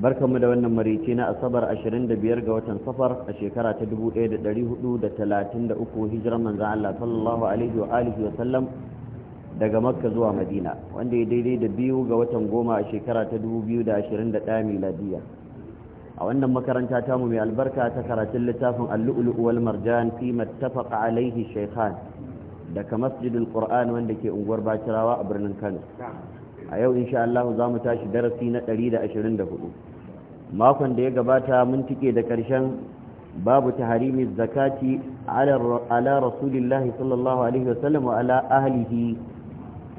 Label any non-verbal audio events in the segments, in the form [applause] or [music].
barkanmu da wannan marice na asabar 25 ga watan safar a shekara ta 1433 hijirar manzan Allah sallallahu alaihi wa alihi wa sallam daga makka zuwa madina wanda ya daidai da biyu ga watan goma a shekara ta 2021 miladiya a wannan makaranta tamu mai albarka ta karatun littafin al-lu'lu wal marjan fi mattafaqa alaihi shaykhan daga masjidul qur'an wanda ke unguwar bacirawa a birnin kano a yau insha Allah za mu tashi darasi na 124 makon da ya gabata mun tike da ƙarshen babu taharimi zakati ala rasulillahi sallallahu alaihi wasallam wa ala ahlihi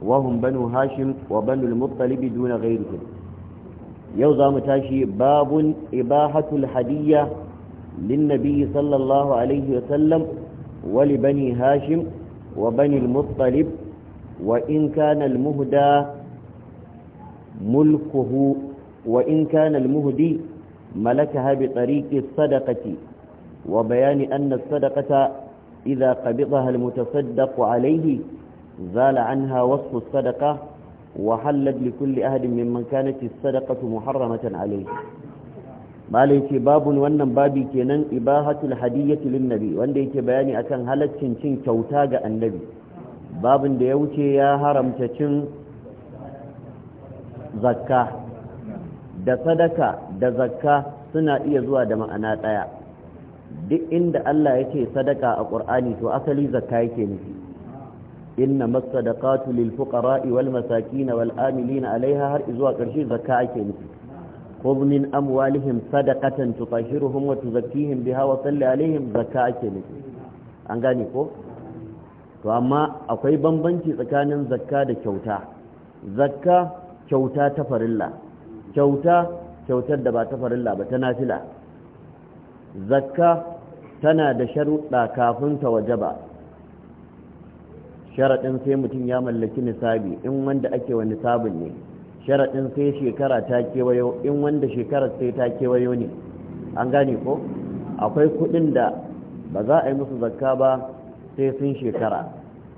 wa hum banu hashim wa banu al-muttalib duna ghayrihim yau zamu tashi babun ibahatul hadiyya للنبي صلى bani عليه وسلم ولبني هاشم وبني المطلب وإن كان المهدى ملكه وإن كان المهدي ملكها بطريق الصدقة وبيان أن الصدقة إذا قبضها المتصدق عليه زال عنها وصف الصدقة وحلت لكل أهد ممن كانت الصدقة محرمة عليه malai ce babun wannan babi kenan ibahatul hadiyyati lin nabi wanda yake bayani akan halaccin cin kyauta ga annabi babin da ya wuce ya haramta cin zakka da sadaka da zakka suna iya zuwa da ma'ana ɗaya duk inda Allah yake sadaka a ƙur'ani to asali zakka yake nufi inna masadaqatu lil fuqara'i wal masakin wal amilin alaiha har zuwa ƙarshe zakka yake nufi Ko min amwalihim sadaqatan tutahhiruhum wa tuzakkihim biha wa salli alaihim zakka yake nufi an gane ko to amma akwai bambanci tsakanin zakka da kyauta zakka kyauta ta farilla kyauta kyautar da ba ta farilla ba ta nafila zakka tana da sharuɗa kafin ta ba. sharaɗin sai mutum ya mallaki nisabi in wanda ake wa nisabin ne sharaɗin sai shekara ta kewayo in wanda shekarar sai ta kewayo ne an gane ko akwai kuɗin da ba za a yi musu zakka ba sai sun shekara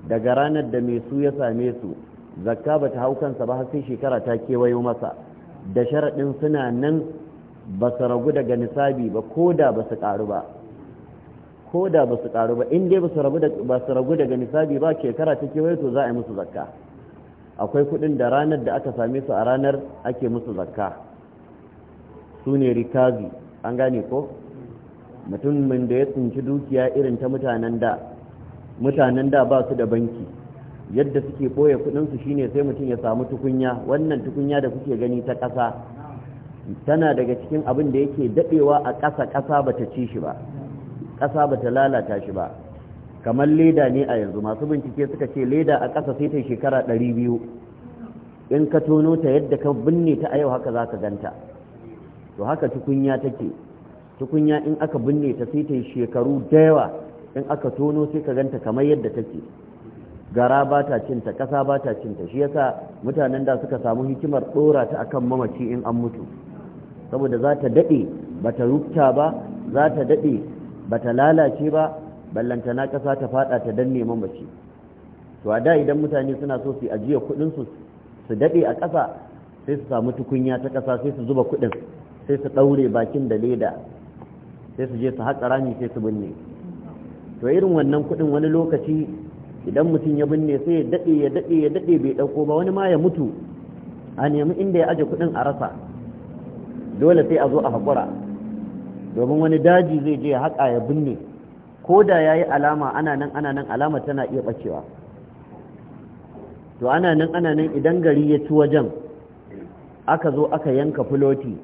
daga ranar da mai su ya same su zakka ba ta hau kansa ba har sai shekara ta kewayo masa da sharaɗin suna nan ba su ragu daga nisabi ba ko da ba su ƙaru ba ko da ba su ƙaru ba in dai ba su ragu daga nisabi ba shekara ta kewaye to za a yi musu zakka akwai kuɗin da ranar da aka same su a ranar ake musu zakka su ne rikazi an gane ko mutumin da ya tsinci dukiya irin ta mutanen da mutanen da ba su da banki yadda suke ɓoye kuɗinsu shine sai mutum ya samu tukunya wannan tukunya da kuke gani ta ƙasa tana daga cikin abin da yake daɗewa a ƙasa ƙasa ba ta ci shi ba ƙasa ba ta lalata shi ba kamar leda ne a yanzu masu bincike suka ce leda a ƙasa sai ta shekara ɗari biyu in ka tono ta yadda ka binne ta a yau haka za ka ganta to haka tukunya take tukunya in aka binne ta sai ta shekaru dayawa in aka tono sai ka ganta kamar yadda take gara ba ta cinta ƙasa ba ta cinta shi yasa mutanen da suka samu hikimar ɗora ta akan mamaci in an mutu saboda za ta daɗe ba ta rukta ba za ta daɗe ba ta lalace ba ballantana ƙasa ta faɗa ta danne mamaci to a da idan mutane suna so su ajiye kuɗinsu su daɗe a ƙasa sai su samu tukunya ta ƙasa sai su zuba kuɗin sai su ɗaure bakin da leda sai su je su haƙa rami sai su binne to irin wannan kuɗin wani lokaci idan mutum ya binne sai ya daɗe ya daɗe ya daɗe bai ɗauko ba wani ma ya mutu a nemi inda ya aje kuɗin a rasa dole sai a zo a haƙura domin wani daji zai je ya haƙa ya binne ko da ya yi alama ana nan ana nan alama tana iya ɓacewa to ana nan ana nan idan gari ya ci wajen aka zo aka yanka filoti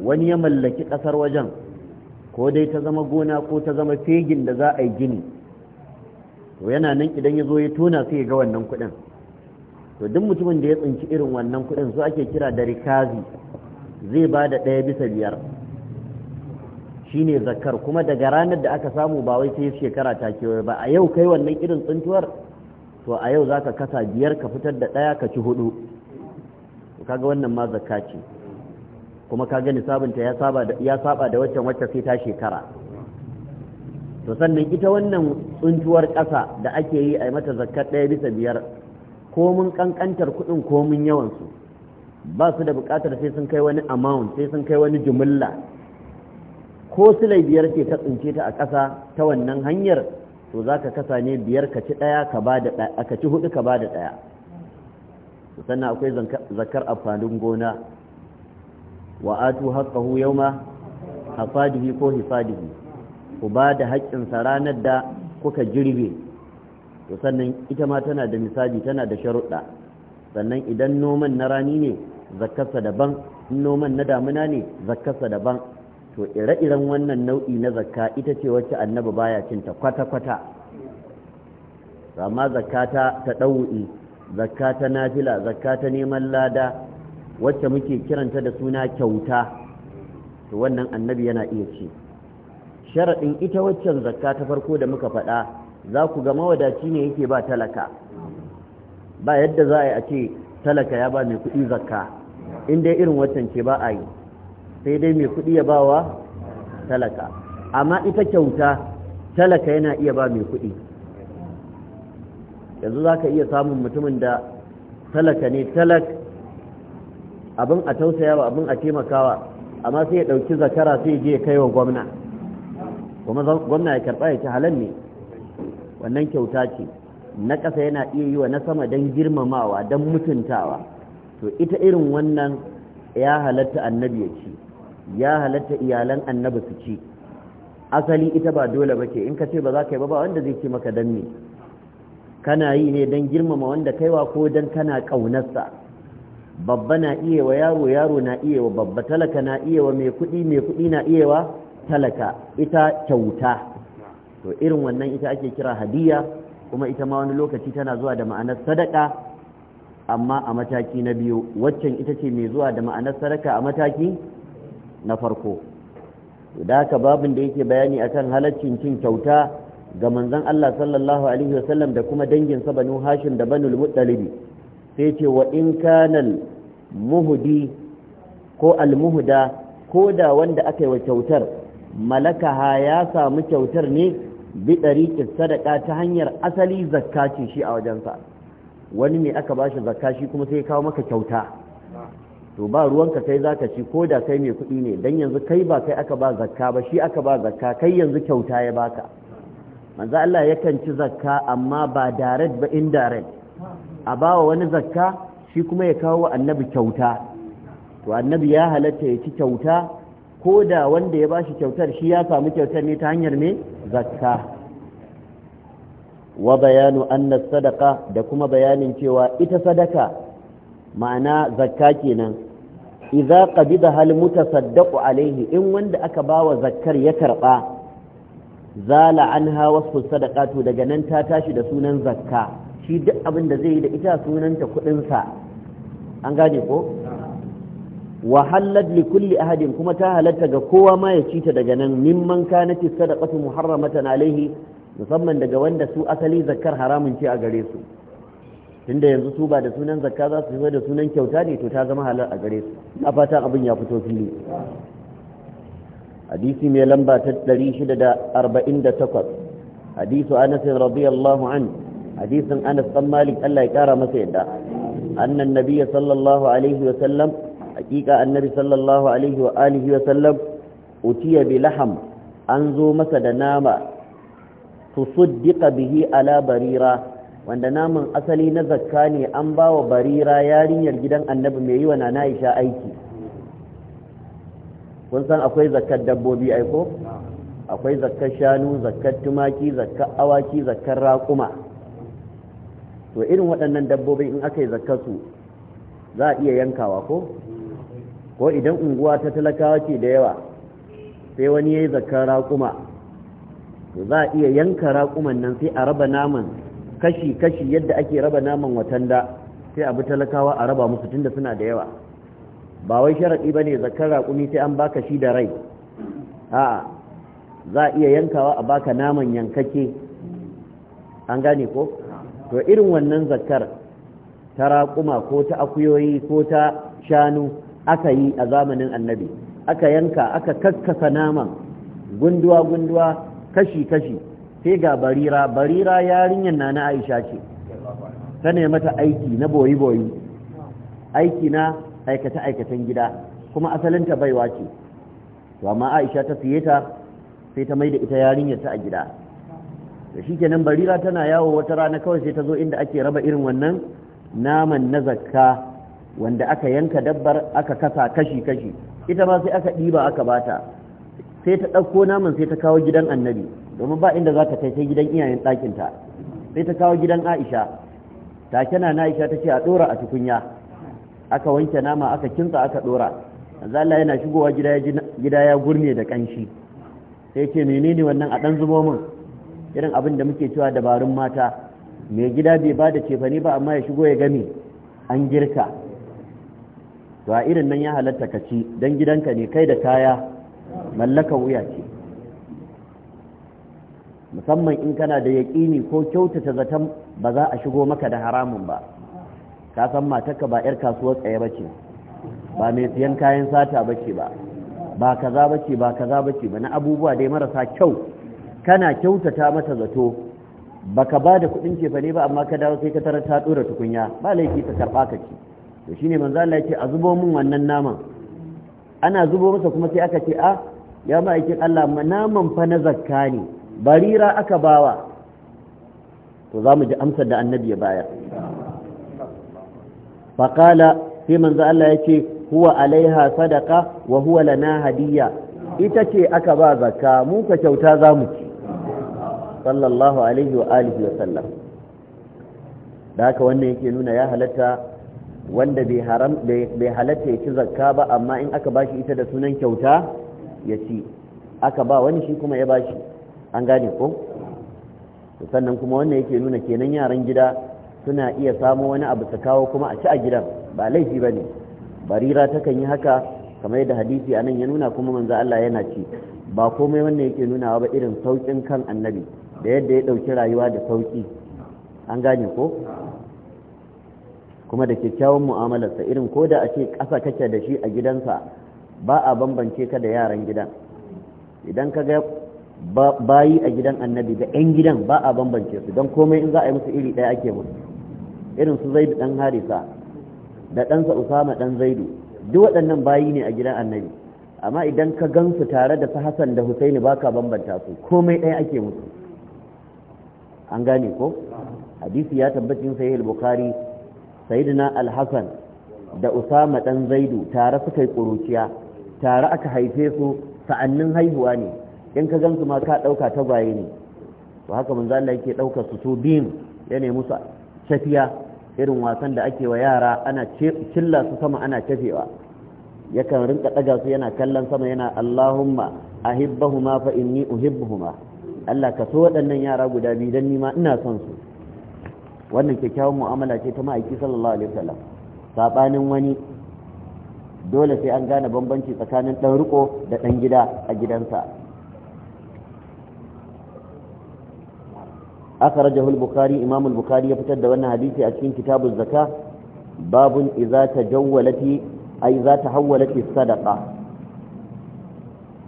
wani ya mallaki ƙasar wajen ko dai ta zama gona ko ta zama fegin da za a yi gini to yana nan idan ya zo ya tona sai ya ga wannan kuɗin to duk mutumin da ya tsinci irin wannan kuɗin su ake kira da rikazi zai ba da ɗaya bisa biyar shine zakar kuma daga ranar da aka samu ba wai sai shekara ta kewa ba a yau kai wannan irin tsintuwar to a yau za ka kasa biyar ka fitar da ɗaya ka ci hudu kaga wannan ma zakka ce kuma kaga sabunta ya saba da waccan wacce sai ta shekara to sannan ita wannan tsuntuwar ƙasa da ake yi a mata zakar ɗaya bisa biyar ko mun ƙanƙantar kuɗin ko mun yawansu ba su da buƙatar sai sun kai wani amount sai sun kai wani jumilla ko silai biyar ce ta tsince ta a ƙasa ta wannan hanyar to za ka kasa ne biyar ka ci ɗaya ka ba da ɗaya ka ci huɗu ka ba da ɗaya sannan akwai zakar amfanin gona wa atu yau ma hafadihi ko hifadihi ku ba da haƙƙinsa ranar da kuka girbe to sannan ita ma tana da misali tana da sharuɗa sannan idan noman na rani ne zakkarsa daban noman na damuna ne zakkarsa daban to ire-iren wannan nau'i na zakka ita ce wacce annabi baya cinta kwata-kwata amma zakka ta ɗau'i zakka ta nafila zakka ta neman lada wacce muke kiranta da suna kyauta to wannan annabi yana iya ci sharaɗin ita waccan zakka ta farko da muka faɗa za ku ga mawadaci ne yake ba talaka ba yadda za a yi a ce talaka ya ba mai kuɗi zakka inda irin waccan ce ba a yi sai dai mai kuɗi ya bawa talaka amma ita kyauta talaka yana iya ba mai kuɗi yanzu za ka iya samun mutumin da talaka ne talak abin a tausaya tausayawa abin a taimakawa amma sai ya ɗauki zakara sai je ya kai wa gwamna kuma gwamna ya karɓa ya ci halal ne wannan kyauta ce na ƙasa yana iya yi wa na sama don girmamawa don mutuntawa to ita irin wannan ya halatta annabi ya ci ya halatta iyalan annabi su ci asali ita ba dole ba ce in ka ce ba za ka yi ba ba wanda zai ce maka don ne kana yi ne don girmama wanda kaiwa ko don kana ƙaunarsa babba na iya wa yaro yaro na iya wa babba talaka na iya wa mai kuɗi mai kuɗi na iya wa talaka ita kyauta to irin wannan ita ake kira hadiya kuma ita ma wani lokaci tana zuwa da ma'anar sadaka amma a mataki na biyu waccan ita ce mai zuwa da ma'anar sadaka a mataki na farko da haka babin da yake bayani akan halaccin cin kyauta ga manzon Allah sallallahu alaihi wasallam da kuma dangin sa banu Hashim da banu Muttalib sai ce wa in kanal muhdi ko al ko da wanda aka yi wa kyautar malakaha ya samu kyautar ne bi ɗariƙin sadaka ta hanyar asali zakka ce shi a wajensa wani ne aka ba shi zakka shi kuma sai ya kawo maka kyauta to ba ruwanka kai za ka ci ko da kai mai kuɗi ne don yanzu kai ba kai aka ba zakka ba shi aka ba zakka kai yanzu kyauta ya baka manzo Allah yakan ci zakka amma ba direct ba indirect a bawa wani zakka shi kuma ya kawo annabi kyauta to annabi ya halatta ya ci kyauta ko da wanda ya bashi kyautar shi ya samu kyautar ne ta hanyar me zakka wa bayanu anna sadaka da kuma bayanin cewa ita sadaka ma'ana zakka kenan idza qabida hal mutasaddaqu Alayhi in wanda aka bawa zakkar ya karba zala anha wasfu sadaqatu daga nan ta tashi da sunan zakka shi duk abin da zai yi da ita sunanta kudin sa an gane ko wa halat li kulli ahadin kuma ta halatta ga kowa ma ya ci ta daga nan mimman kanati sadaqatu muharramatan alaihi musamman daga wanda su asali zakar haramun ce a gare su tunda yanzu su ba da sunan zakka za su da sunan kyauta ne to ta zama halal a gare su a fatan abin ya fito fili hadisi mai lamba ta 648 hadisu anas radiyallahu an hadisin anas dan malik Allah ya kara masa yadda annan nabiyyi sallallahu alaihi wa sallam hakika annabi sallallahu alaihi wa alihi wa sallam utiya bi laham an zo masa da nama su suddiƙa bihi ala barira wanda naman asali na zakka ne an ba wa barira yarinyar gidan annabi mai yi wa nana Aisha aiki kun san akwai zakkar dabbobi aiko akwai zakkar shanu zakkar tumaki zakkar awaki zakkar raƙuma to irin waɗannan dabbobi in aka yi zakkarsu za a iya yankawa ko ko idan unguwa ta talakawa ce da yawa sai wani ya yi zakar raƙuma za a iya yanka raƙuman nan sai a raba naman kashi-kashi yadda ake raba naman watanda sai abu talakawa a raba musu tunda suna da yawa ba wai sharaɗi ba ne zakar raƙumi sai an baka shi da rai a'a za a iya yankawa a baka naman yankake an gane ko to irin wannan zakar ta raƙuma ko ta akuyoyi ko ta shanu aka yi a zamanin annabi aka yanka aka kakkasa naman gunduwa-gunduwa kashi-kashi sai ga barira barira yarinyar na na aisha ce ta mata aiki na boyi-boyi aiki na aikata-aikatan gida kuma asalinta baiwa ce to amma aisha ta fiye ta sai ta mai da ita yarinyar ta a gida da shi kenan barira tana yawo wata rana kawai sai ta zo inda ake raba irin wannan naman na zakka wanda aka yanka dabbar aka kasa kashi-kashi ita ma sai aka ɗiba aka bata sai ta ɗauko naman sai ta kawo gidan annabi domin ba inda za ta kai sai gidan iyayen ɗakinta sai ta kawo gidan aisha ta kena na aisha ta ce a ɗora a tukunya aka wanke nama aka kintsa aka ɗora Allah yana shigowa gida ya gurne da ƙanshi sai ce menene wannan a ɗan zubo min irin abin da muke cewa dabarun mata mai gida bai bada da cefane ba amma ya shigo ya game an girka to a irin nan ya halatta ka ci don gidanka ne kai da kaya mallakan wuya ce musamman in kana da yaƙini ko kyautata zaton ba za a shigo maka da haramun ba ka san matarka ba 'yar kasuwar tsaye ba ce ba mai siyan kayan sata ba ce ba ba kaza ba ce ba kaza ba ce ba na abubuwa dai marasa kyau kana kyautata mata zato baka ba da kuɗin cefane ba amma ka dawo sai ka tarar ta ɗora tukunya ba laifi ta karɓa ka ci to shine manzo Allah ya ce a zubo min wannan naman ana zubo masa kuma sai aka ce a ya ma'aikin Allah naman fa na zakka ne barira aka bawa to za mu ji amsar da annabi ya bayar faƙala sai manzo Allah ya ce huwa alaiha sadaka wa huwa lana hadiyya ita ce aka ba zakka mu ka kyauta za mu ci sallallahu alaihi wa alihi wa sallam da haka wannan yake nuna ya halatta wanda bai haram bai halatta ya ci zakka ba amma in aka bashi ita da sunan kyauta ya ci aka ba wani shi kuma ya bashi an gane ko sannan kuma wannan yake nuna kenan yaran gida suna iya samo wani abu su kawo kuma a ci a gidan ba laifi ba ne barira takan yi haka kamar yadda hadisi anan ya nuna kuma manzo Allah yana ci ba komai wannan yake nuna ba irin saukin kan annabi da yadda ya dauki rayuwa da sauki an gane ko kuma da kyakkyawan mu'amalarsa irin ko da a ce ƙasa kake da shi a gidansa ba a bambance ka da yaran gidan idan ka ga bayi a gidan annabi da 'yan gidan ba a bambance su don komai in za a yi musu iri ɗaya ake musu irin su zaidu ɗan harisa da ɗansa usama ɗan zaidu duk waɗannan bayi ne a gidan annabi amma idan ka gansu tare da su hassan da husaini ba ka bambanta su komai ɗaya ake musu an gane ko hadisi ya tabbacin sahih al-bukhari sayyidina al-hasan da usama dan zaidu tare suka yi kuruciya tare aka haife su sa'annin haihuwa ne in ka gansu ma ka dauka tagwaye ne to haka manzo Allah yake daukar su su biyun ya nemi su shafiya irin wasan da ake wa yara ana cilla su sama ana cafewa yakan rinka daga su yana kallon sama yana Allahumma ahibbahuma fa inni uhibbuhuma Allah ka so waɗannan yara guda biyu dan ni ma ina son su wannan kyakkyawan mu'amala ce ta ma'aiki sallallahu alaihi wasallam sabanin wani dole sai an gane bambanci tsakanin dan riko da dan gida a gidansa akhrajahu al-bukhari imam al-bukhari ya fitar da wannan hadisi a cikin kitabuz Zaka. babun idza tajawwalati ay idza tahawwalati sadaqa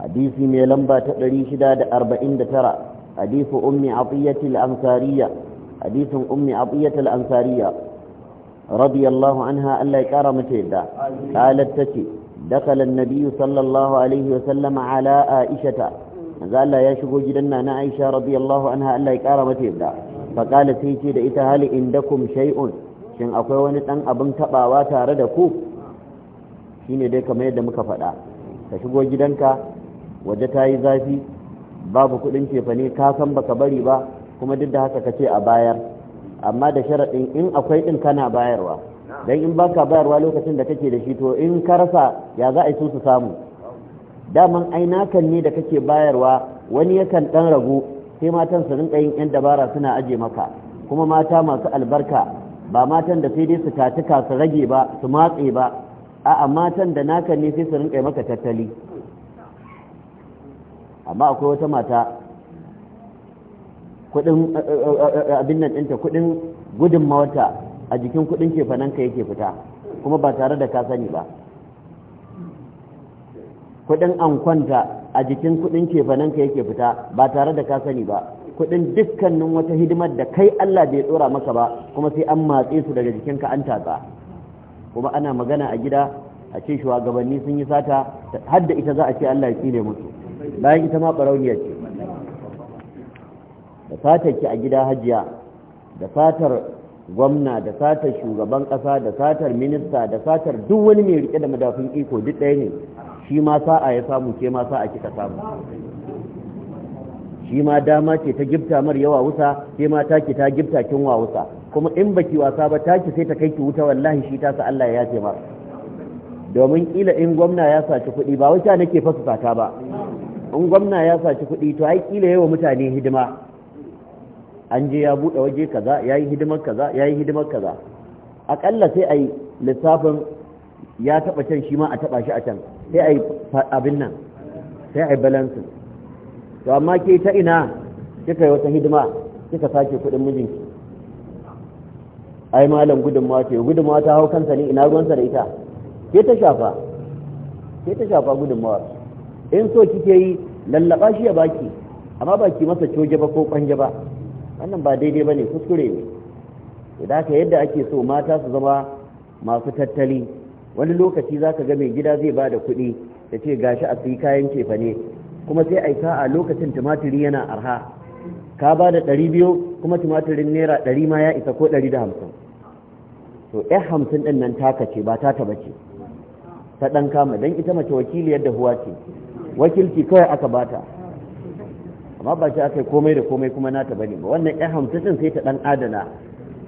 hadisi mai lamba ta 649 hadisi ummi atiyati al-ansariyah حديث أم عطية الأنصارية رضي الله عنها ألا يكرم تيدا قالت تشي دخل النبي صلى الله عليه وسلم على عائشة قال لا يشكو جدنا أنا عائشة رضي الله عنها ألا يكرم تيدا فقالت تيشي دئت هل عندكم شيء shin akwai wani ɗan abin taɓawa tare da ku shine dai kamar yadda muka faɗa ka shigo gidanka waje ta yi zafi babu kuɗin cefane ka san baka bari ba kuma duk da haka ka ce a bayar amma da sharaɗin in akwai ɗin kana bayarwa don in baka bayarwa lokacin da kake da shi to in ka rasa ya za a yi su samu daman ai nakan ne da kake bayarwa wani yakan ɗan ragu sai matan su rinka yin 'yan dabara suna aje maka kuma mata masu albarka ba matan da sai dai su tatuka su rage ba su matse ba a'a matan da nakan ne sai su rinka maka tattali amma akwai wata mata kudin eh, eh, eh, abin nan ɗinta kudin gudunmawarta a jikin kudin ka yake fita kuma ba tare da ka sani ba kudin ankwanta a jikin kudin ka yake fita ba tare da ka sani ba kudin dukkanin wata hidimar da kai Allah bai tsora maka ba kuma sai an matse su daga jikin ka an tatsa kuma ana magana a gida a ce shugabanni sun yi sata har da ita za a ce Allah ya tsire musu bayan ita ma barauniya ce da fatar ki a gida hajiya da fatar gwamna da fatar shugaban ƙasa da fatar minista da fatar duk wani mai rike da madafin iko duk ɗaya ne shi ma sa'a ya samu ke ma sa'a kika samu shi ma dama ce ta gifta mar yawa wusa, ke ma taki ta gifta kin wa wusa kuma in baki wasa ba taki sai ta kai ki wuta wallahi shi ta sa Allah ya yafe ma domin kila in gwamna ya saci kuɗi ba wata nake fasa sata ba in gwamna ya saci kuɗi to ai kila yawa mutane hidima an je ya buɗe waje kaza ya yi hidimar kaza ya yi hidimar kaza aƙalla sai a yi lissafin ya taɓa can shi ma a taɓa shi a can sai a yi abin nan sai a yi balansin to amma ke ta ina kika yi wata hidima kika sake kuɗin mijinki ai malam gudunmawa ce gudunmawa ta hau kansa ne ina ruwansa da ita ke ta shafa ke ta shafa gudunmawa in so kike yi lallaba shi ya baki amma baki masa coje ba ko kwanje ba wannan ba daidai ba ne kuskure ne Idan ka yadda ake so mata su zama masu tattali wani lokaci za ka ga mai gida zai ba da kuɗi da ce gashi a sai kayan cefa ne kuma sai a aika a lokacin tumatiri yana arha ka ba da ɗari biyu kuma tumatirin naira ɗari ma ya isa ko ɗari da hamsin to ɗaya hamsin ɗin nan taka ce ba ta taba ce ta ɗan kama don ita mace wakiliyar da huwa ce wakilci kawai aka bata amma ba shi aka yi komai da komai kuma nata bane ba wannan ya hamsin sai ta dan adana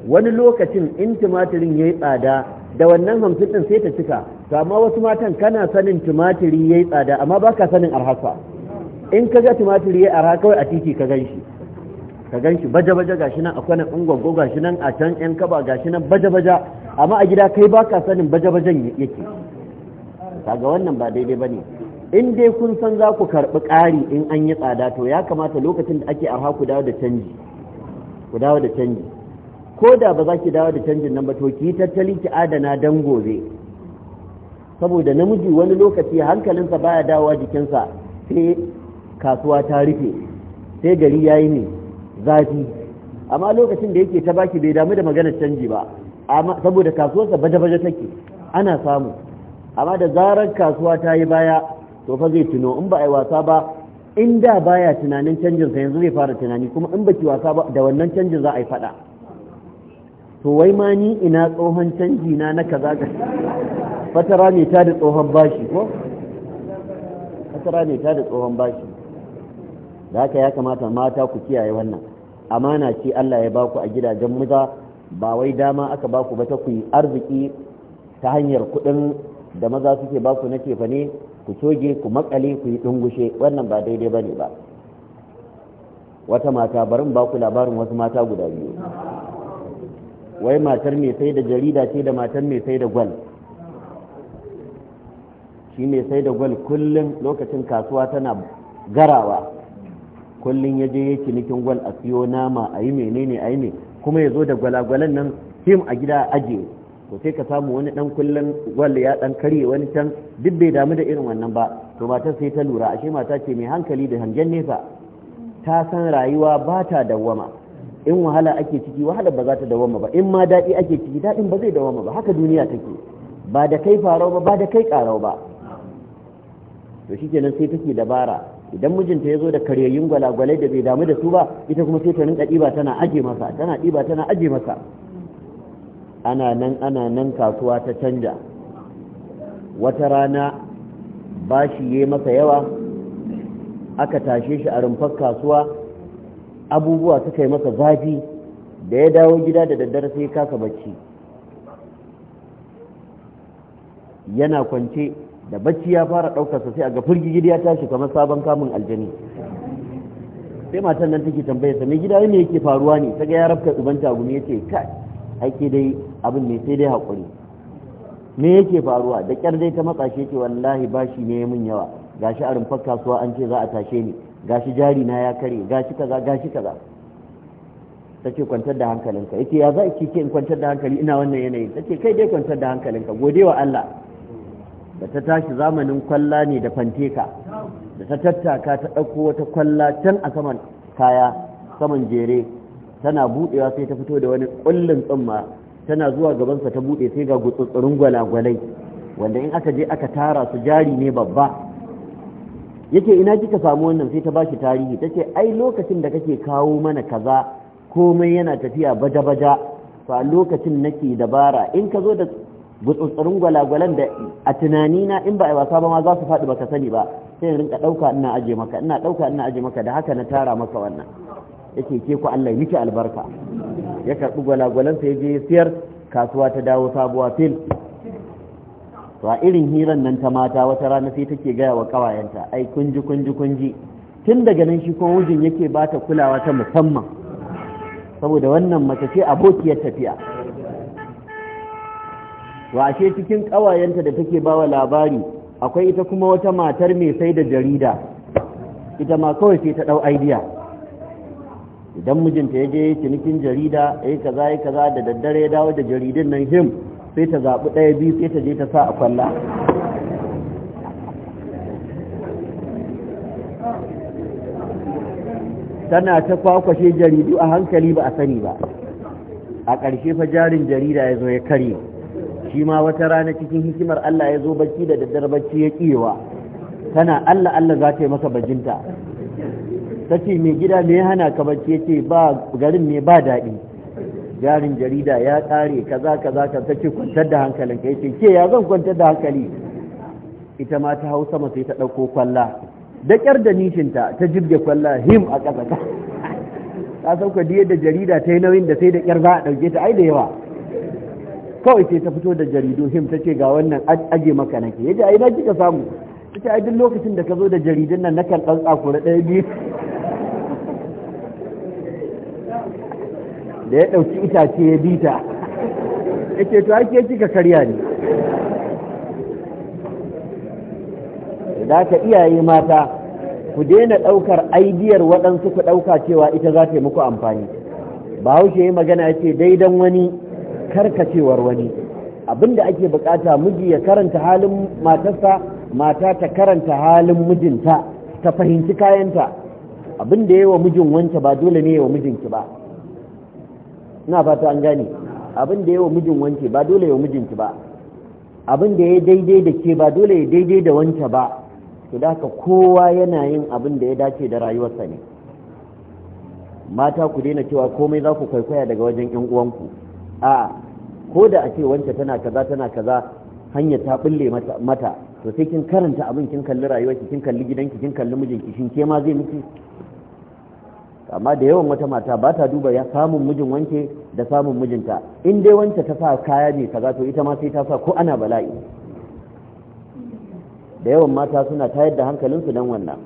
wani lokacin in tumatirin yayi tsada da wannan hamsin din sai ta cika to amma wasu matan kana sanin tumatiri yayi tsada amma baka sanin arhasa in ka ga tumatiri yayi arha kawai a titi ka gan shi ka gan shi baja baja gashi nan akwai nan ungwago gashi nan a can yan kaba gashi nan baja baja amma a gida kai baka sanin baja bajan yake kaga wannan ba daidai bane in dai kun san za ku karɓi ƙari in an yi tsada to ya kamata lokacin da ake arha ku dawo da canji ku dawo da canji ko da ba za ki dawo da canjin nan ba to ki tattali ki adana dan gobe saboda namiji wani lokaci hankalinsa baya dawowa jikinsa sai kasuwa ta rufe sai gari ya yi ne zafi amma lokacin da yake ta baki bai damu da maganar canji ba saboda kasuwarsa baje-baje take ana samu amma da zarar kasuwa ta yi baya to fa zai tuno in ba a yi wasa ba in da baya tunanin canjin sa yanzu zai fara tunani kuma in baki wasa ba da wannan canjin za a yi fada to wai ma ni ina tsohon canji na na kaza ga [laughs] fatara ne ta da tsohon bashi ko fatara ne ta da tsohon bashi da haka ya kamata mata ku kiyaye wannan amana ce Allah ya baku a gidajen maza ba wai dama aka baku ba ta ku yi arziki ta hanyar kuɗin da maza suke baku na ne. ku coge ku makale ku yi dungushe wannan ba daidai bane ba wata mata barin ba ku labarin wasu mata guda biyu wai matar mai sai da jarida ce da matar mai sai da gwal shi mai sai da gwal kullum lokacin kasuwa tana garawa kullum ya je ya cinikin gwal a siyo nama a yi menene a yi ne kuma ya zo da gwalagwalan nan fim a gida ajiye to sai ka samu wani dan kullun wal ya ɗan karye wani can duk bai damu da irin wannan ba to matar sai ta lura ashe mata ce mai hankali da hangen nesa ta san rayuwa ba ta dawwama in wahala ake ciki wahala ba za ta dawwama ba in ma daɗi ake ciki daɗin ba zai dawwama ba haka duniya take ba da kai farau ba ba da kai karau ba to shikenan sai take dabara idan mijinta ya zo da karyayyun gwalagwalai da bai damu da su ba ita kuma sai ta rinka ɗiba tana aje masa tana ɗiba tana aje masa ana nan ana nan kasuwa ta canja wata rana bashi ya masa yawa aka tashe shi a rumfar kasuwa abubuwa suka yi masa zafi da ya dawo gida da daddare sai kasa bacci yana kwance da bacci ya fara ɗaukarsa sai a ga firgigidi ya tashi kamar sabon kamun aljani sai matan nan take tambayarsa mai gida ne yake faruwa ne ta ga ya rabka uban gumi ya ce ake dai abin ne sai dai haƙuri me yake faruwa da ƙyar dai ta matsashe ce wallahi bashi ne mun yawa gashi a rumfar kasuwa an ce za a tashe ni gashi jari na ya kare gashi kaza gashi kaza ta ce kwantar da hankalinka yake ya za ki ce in kwantar da hankali ina wannan yanayin ta ce kai dai kwantar da hankalinka gode wa Allah da ta tashi zamanin kwalla ne da fanteka da ta tattaka ta ɗauko wata kwalla can a saman kaya saman jere tana buɗewa sai ta fito da wani ƙullin tsumma tana zuwa gabansa ta buɗe sai ga gutsutsurin gwalagwalai wanda in aka je aka tara su jari ne babba yake ina kika samu wannan sai ta bashi tarihi tace ai lokacin da kake kawo mana kaza komai yana tafiya baja-baja fa lokacin nake dabara in ka zo da gutsutsurin gwalagwalan da a tunani in ba a wasa ba ma za su faɗi baka sani ba sai in rinka ɗauka ina aje maka ina ɗauka ina aje maka da haka na tara maka wannan yake ke ku Allah ya miki albarka ya karɓi gwalagwalansa ya je ya siyar kasuwa ta dawo sabuwa fil to irin hiran nan ta mata wata rana sai take gaya wa ƙawayenta ai kunji kunji kunji tun daga nan shi kuma wujin yake ba ta kulawa ta musamman saboda wannan mace ce abokiyar tafiya Washe ashe cikin kawayenta da take bawa labari akwai ita kuma wata matar mai sai da jarida ita ma kawai sai ta ɗau aidiya idan mijinta ya je cinikin jarida ya yi kaza ya kaza da daddare ya dawo da jaridin nan him sai ta zaɓi ɗaya biyu sai ta je ta sa a kwalla tana ta kwakwashe jaridu a hankali ba a sani ba a ƙarshe fa jarin jarida ya zo ya karye shi ma wata rana cikin hikimar Allah ya zo bacci da daddare bacci ya ƙiyewa tana Allah Allah za ta yi masa bajinta ta ce mai gida mai hana ka bacci ya ce ba garin mai ba daɗi jarin jarida ya ƙare kaza kaza ka ta ce kwantar da hankalin ka ya ce ke ya zan kwantar da hankali ita ma ta hau sama sai ta ɗauko kwalla da ƙyar da nishinta ta jirge kwalla him a ƙasa ta ta sauka diya da jarida ta yi nauyin da sai da ƙyar za a ɗauke ta ai da yawa kawai sai ta fito da jaridu him ta ce ga wannan aje maka nake ya ce ai na kika samu ita ai duk lokacin da ka zo da jaridun nan nakan ɗan tsakura ɗaya biyu da ya ɗauki itace ya bita yake to ake cika karya ne da ka iyaye mata ku daina ɗaukar aidiyar waɗansu ku ɗauka cewa ita za ta yi muku amfani bahaushe ya magana ya ce daidan wani karkacewar wani abinda ake bukata miji ya karanta halin matarsa mata ta karanta halin mijinta ta fahimci kayanta abinda ya yi wa mijin wancan ba dole ne ya wa mijinki ba ina fata an gane abin da yawa mijin wanke ba dole yawa mijinki ba abin da ya daidai da ke ba dole ya daidai da wanke ba su da haka kowa yana yin abin da ya dace da rayuwarsa ne mata ku daina cewa komai za ku kwaikwaya daga wajen yan uwanku a ko da a ce wance tana kaza tana kaza hanya ta bulle mata to sai kin karanta abin kin kalli rayuwarki kin kalli gidanki kin kalli mijinki shin ke ma zai miki amma da yawan wata mata ba ta duba ya samun mijin wanke da samun mijinta in dai ta sa kaya ne kaza to ita ma sai ta sa ko ana bala'i da yawan mata suna tayar da hankalinsu don wannan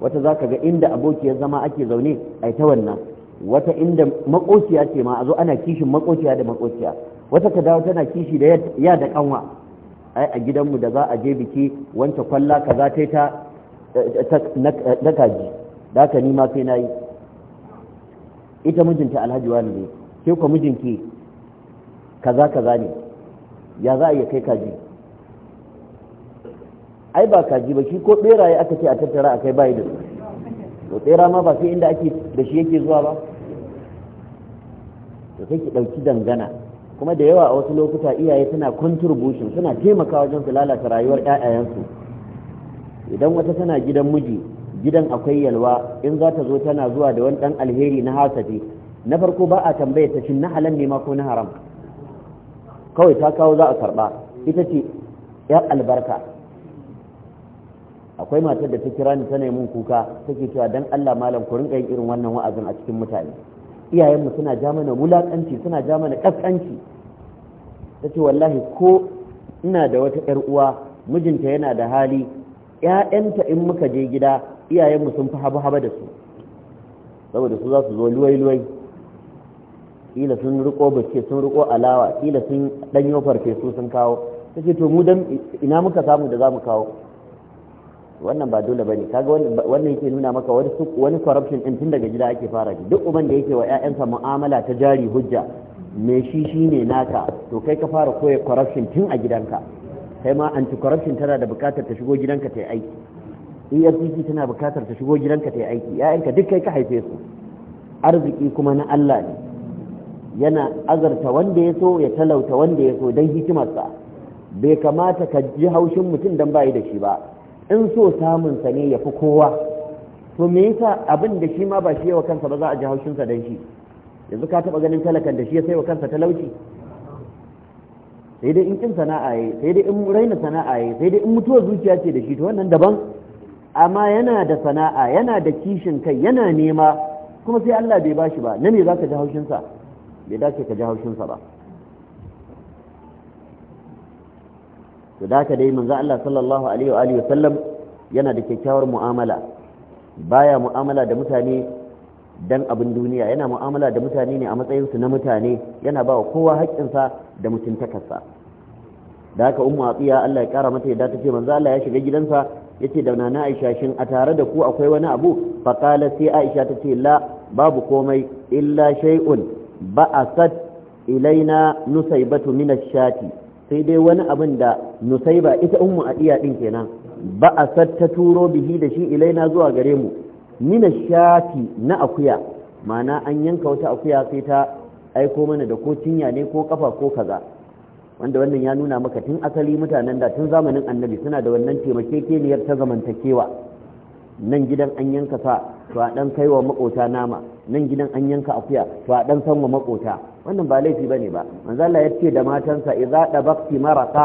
wata za ka ga inda abokiyar zama ake zaune a ta wannan wata inda makociya ce ma a zo ana kishin makociya da makociya wata ka dawo tana kishi da ya da kanwa ai a gidanmu da za a je biki wancan kwalla kaza ta ta na kaji da haka ni ma sai na yi ita mijinta alhaji wani ne ke ku mijinki kaza kaza ne ya za a iya kai kaji ai ba kaji ba shi ko beraye aka ce a tattara akai bai da su to tsera ma ba sai inda ake da shi yake zuwa ba to sai ki ɗauki dangana kuma da yawa a wasu lokuta iyaye suna contribution suna taimakawa wajen su lalata rayuwar 'ya'yayansu idan wata tana gidan miji gidan akwai yalwa in za ta zo tana zuwa da wani dan alheri na hasafi na farko ba a tambaye ta shin na halal ne ma ko na haram kawai ta kawo za a karba ita ce ya albarka akwai matar da ta kira ni tana mun kuka take cewa dan Allah malam ku rinka yin irin wannan wa'azin a cikin mutane iyayenmu suna ja mana wulakanci suna ja mana kaskanci tace wallahi ko ina da wata yar uwa mijinta yana da hali ƴaƴanta in muka je gida iyayenmu sun fi haba-haba da su saboda su za su zo luwai-luwai ila sun riko bace sun riko alawa ila sun farfe farfesu sun kawo ta ce to mu dan ina muka samu da za mu kawo wannan ba dole bane kaga wannan yake nuna maka wani wani corruption din tun daga gida ake fara shi duk uban da yake wa ƴaƴansa mu'amala ta jari hujja me shi shine naka to kai ka fara koya corruption tun a gidanka kai ma anti corruption tana da bukatar ta shigo gidanka ta yi aiki efcc tana bukatar ta shigo gidanka ta yi aiki ya'yanka duk kai ka haife su arziki kuma na allah ne yana azarta wanda ya so ya talauta wanda ya so don hikimarsa bai kamata ka ji haushin mutum don bayi da shi ba in so samunsa ne ya fi kowa to me yasa abin da shi ma ba shi yawa kansa ba za a ji haushinsa don shi yanzu ka taɓa ganin talakan da shi ya saiwa kansa talauci sai dai in kin sana'a yayi sai dai in raina sana'a yayi sai dai in mutuwar zuciya ce da shi to wannan daban amma yana da sana'a yana da kishin kai yana nema kuma sai Allah bai bashi ba na me zaka ji haushin bai dace ka ji haushin ba to da ka dai manzo Allah sallallahu alaihi wa alihi wasallam yana da kyakkyawar mu'amala baya mu'amala da mutane dan abin duniya yana mu'amala da mutane ne a matsayin su na mutane yana ba wa kowa haƙƙinsa da mutuntakarsa da haka ummu atiya Allah ya kara mata yadda ta ce manzo Allah ya shiga gidansa yace da nana Aisha shin a tare da ku akwai wani abu fa qala sai Aisha ta ce la babu komai illa shay'un ba'asat ilaina nusaybatu min ash-shati sai dai wani abin da nusaiba ita ummu adiya din kenan ba'asat ta turo bihi da shi ilaina zuwa gare mu min ash na akuya mana an yanka wata akuya sai ta aiko mana da ko cinya ne ko kafa ko kaza wanda wannan ya nuna maka tun asali mutanen da tun zamanin annabi suna da wannan taimakekeniyar ta zamantakewa nan gidan an yanka sa to a dan kaiwa makota nama nan gidan an yanka akuya to a dan sanwa makota wannan ba laifi bane ba manzo Allah ya ce da matansa idza dabaqti maraka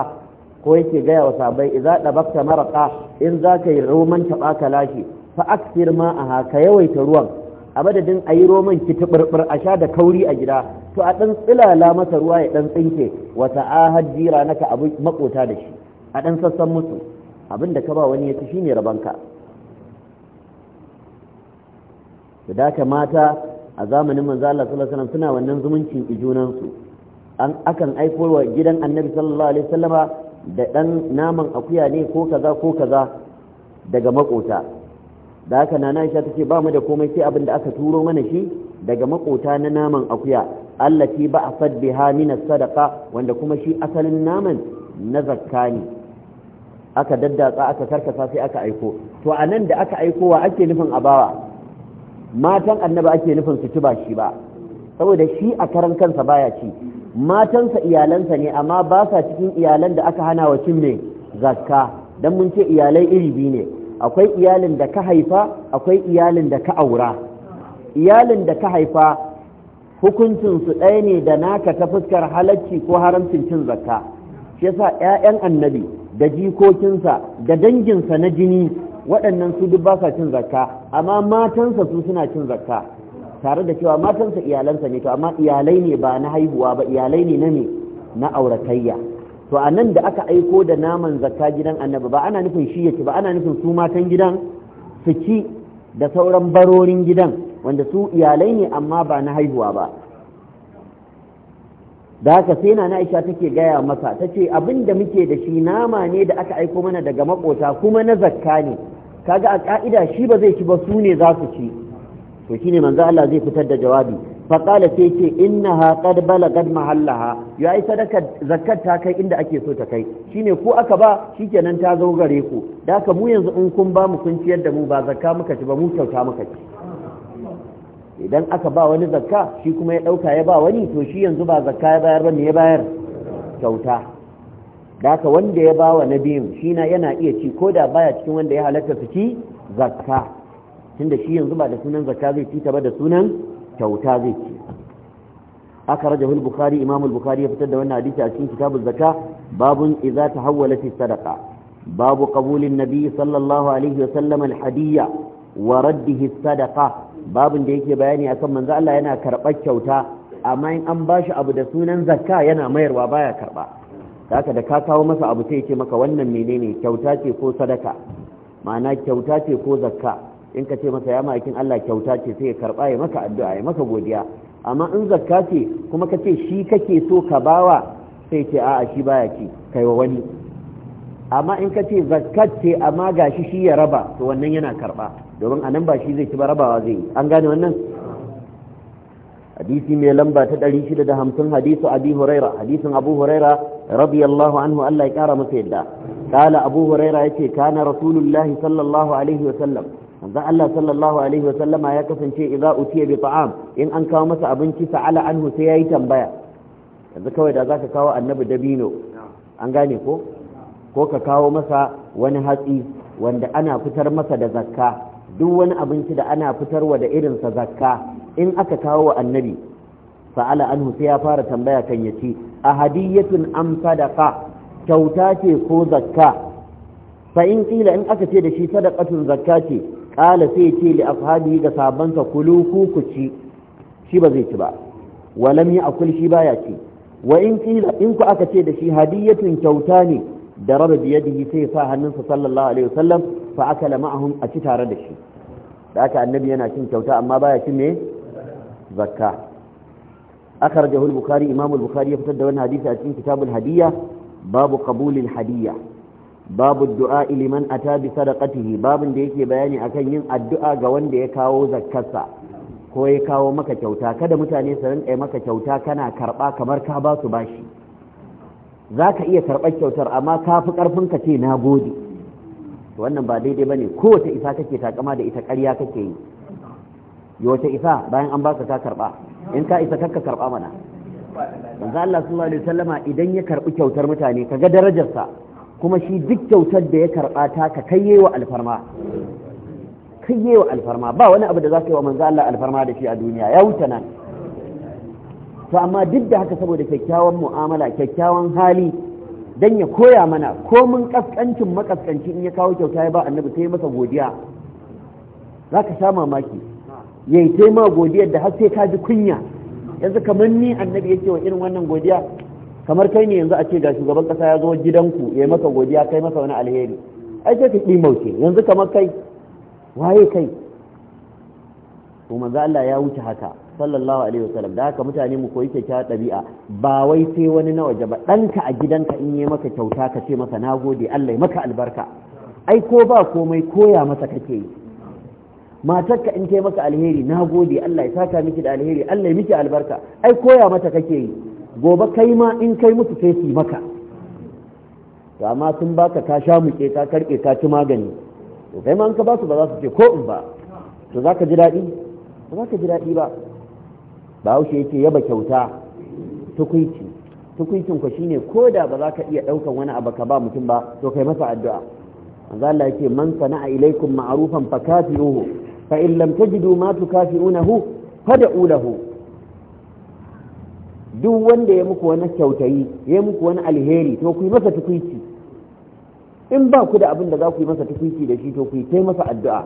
ko yake gaya wa sabai idza bakta maraka in za yi roman ta baka lashi fa akthir ma aha ka yawaita ruwan a madadin a yi roman ɓarɓar a sha da kauri a gida to a ɗan tsilala masa ruwa ya ɗan tsinke wata ahad jira naka abu makota da shi a ɗan sassan musu abin da ka ba wani ya ci shi shine rabanka da daga mata a zamanin manzo Allah sallallahu alaihi suna wannan zumuncin ijunansu an akan aiko wa gidan annabi sallallahu alaihi wasallama da ɗan naman akuya ne ko kaza ko kaza daga makota da haka nana Aisha tace ba mu da komai sai abin da aka turo mana shi daga makota na naman akuya allati ba'asad biha min as-sadaqa wanda kuma shi asalin naman na zakka ne aka daddatsa aka karkasa sai aka aiko to anan da aka aiko wa ake nufin abawa matan annabi ake nufin su ci ba shi ba saboda shi a karan kansa baya ci matansa iyalansa ne amma ba sa cikin iyalan da aka hana wa cin ne zakka dan mun ce iyalai iri biyu ne akwai iyalin da ka haifa akwai iyalin da ka aura iyalin da ka haifa hukuncinsu ɗaya ne da naka ta fuskar halacci ko haramcin cin zakka shi yasa ƴaƴan annabi da jikokinsa da danginsa na jini waɗannan su duk ba sa cin zakka amma matansa su suna cin zakka tare da cewa matansa iyalansa ne to amma iyalai ne ba na haihuwa ba iyalai ne na me na auratayya to a nan da aka aiko da naman zakka gidan annabi ba ana nufin shi yake ba ana nufin su matan gidan su ci da sauran barorin gidan wanda su iyalai ne amma ba na haihuwa ba da haka sai na aisha take gaya masa ta ce abin da muke da shi nama ne da aka aiko mana daga makota kuma na zakka ne kaga a ka'ida shi ba zai ci ba su ne za su ci to shine manzo Allah zai fitar da jawabi faƙala sai ce inna ha qad balagat mahallaha ya yi sadaka zakat ta kai inda ake so ta kai shine ko aka ba shikenan ta zo gare ku da ka mu yanzu in kun ba mu kun ciyar da mu ba zakka muka ci ba mu kyauta muka ci idan aka ba wani zakka shi kuma ya ɗauka ya ba wani to shi yanzu ba zakka ya bayar ba ne ya bayar kyauta da ka wanda ya ba wa na biyun shi na yana iya ci ko da baya cikin wanda ya halatta su ci zakka tunda shi yanzu ba da sunan zakka zai ci ta ba da sunan kyauta zai ci aka Raja al-bukhari imam al-bukhari ya fitar da wannan hadisi a cikin kitabuz zaka babun idza tahawwalat as-sadaqa babu qabulin nabi sallallahu alaihi wa sallam al-hadiyya wa raddihi sadaqa babun da yake bayani akan manzo Allah yana karbar kyauta amma in an bashi abu da sunan zakka yana mayarwa baya karba haka da ka kawo masa abu sai ya ce maka wannan menene kyauta ce ko sadaka ma'ana kyauta ce ko zakka in ka ce masa ya ma'aikin Allah kyauta ce sai ya karɓa ya maka addu'a ya maka godiya amma in zakka ce kuma ka ce shi kake so ka bawa sai ce a'a shi baya ci kai wa wani amma in ka ce zakka ce amma gashi shi ya raba to wannan yana karɓa. domin a nan ba shi zai ci ba rabawa zai an gane wannan hadisi mai lamba ta 650 hadisu abi huraira hadisin abu huraira radiyallahu anhu Allah ya kara masa yadda قال أبو هريرة يتي كان رسول الله صلى الله عليه وسلم manzo Allah sallallahu alaihi wa sallama ya kasance idza utiya bi ta'am in an kawo masa abinci sa'ala anhu sai yayi tambaya yanzu kawai da zaka kawo annabi dabino an gane ko ko ka kawo masa wani hatsi wanda ana fitar masa da zakka duk wani abinci da ana fitarwa da irinsa zakka in aka kawo wa annabi sa'ala anhu sai ya fara tambaya kan ya ce a hadiyatun am sadaqa kyauta ce ko zakka fa in kila in aka ce da shi sadaqatun zakka ce ƙala sai ce li ashabi ga sabansa kulu ku ku ci shi ba zai ci ba walam a akul shi baya ci wa in qila in ku aka ce da shi hadiyatun kyauta ne da bi biyadihi sai sa hannunsa sallallahu alaihi wasallam fa akala ma'ahum a ci tare da shi da aka annabi yana cin kyauta amma baya cin me zakka akhrajahu al-bukhari imam al-bukhari ya fitar da wannan hadisi a cikin kitabul hadiyya babu qabulil hadiyya babu du'a liman ata bi sadaqatihi babin da yake bayani akan yin addu'a ga wanda ya kawo zakkarsa ko ya kawo maka kyauta kada mutane su rinka maka kyauta kana karba kamar ka ba su bashi zaka iya karbar kyautar amma ka fi karfin ka ce nagode to wannan ba daidai bane kowace isa kake takama da ita ƙarya kake yi yawace isa bayan an baka ka karba in ka isa kanka karba mana manzo Allah sallallahu alaihi wasallama idan ya karbi kyautar mutane kaga darajarsa kuma shi duk kyautar da ya karɓa ta ka kayye wa alfarma kayye wa alfarma ba wani abu da za ka yi wa manzo Allah alfarma da shi a duniya ya wuta nan to amma duk da haka saboda kyakkyawan mu'amala kyakkyawan hali dan ya koya mana ko mun kaskancin makaskanci in ya kawo kyauta ya ba annabi sai masa godiya za ka sha mamaki yayi sai ma godiyar da har sai ka ji kunya yanzu kamar ni annabi yake wa irin wannan godiya kamar kai ne yanzu a ce ga shugaban kasa ya zo gidanku ya maka godiya kai masa wani alheri ai sai ka kimauce yanzu kamar kai waye kai to manzo Allah ya wuce haka sallallahu alaihi wasallam da haka mutane mu koyi kyakkyawa ɗabi'a ba wai sai wani na waje ba ɗanka a gidanka in yi maka kyauta ka ce masa nagode Allah ya maka albarka ai ko ba komai koya masa kake yi matarka in ta maka alheri nagode Allah ya saka miki da alheri Allah ya miki albarka ai koya mata kake yi gobe kai ma in kai musu sai su maka to amma sun baka ka sha muke ka karke ka ci magani to kai ma in ka ba ba za su ce ko in ba to za ka ji daɗi ba za ka ji daɗi ba Ba bahaushe yake yaba kyauta tukuici tukuicin ku shine ko da ba za ka iya ɗaukan wani abu ka ba mutum ba to kai masa addu'a manzo Allah yake man sana'a ilaikum ma'rufan fakafiruhu fa in lam tajidu ma tukafiruhu fad'u lahu duk wanda ya muku wani kyautayi ya muku wani alheri to ku yi masa tukuici in ba ku da abin da za ku yi masa tukuici da shi to ku yi kai masa addu'a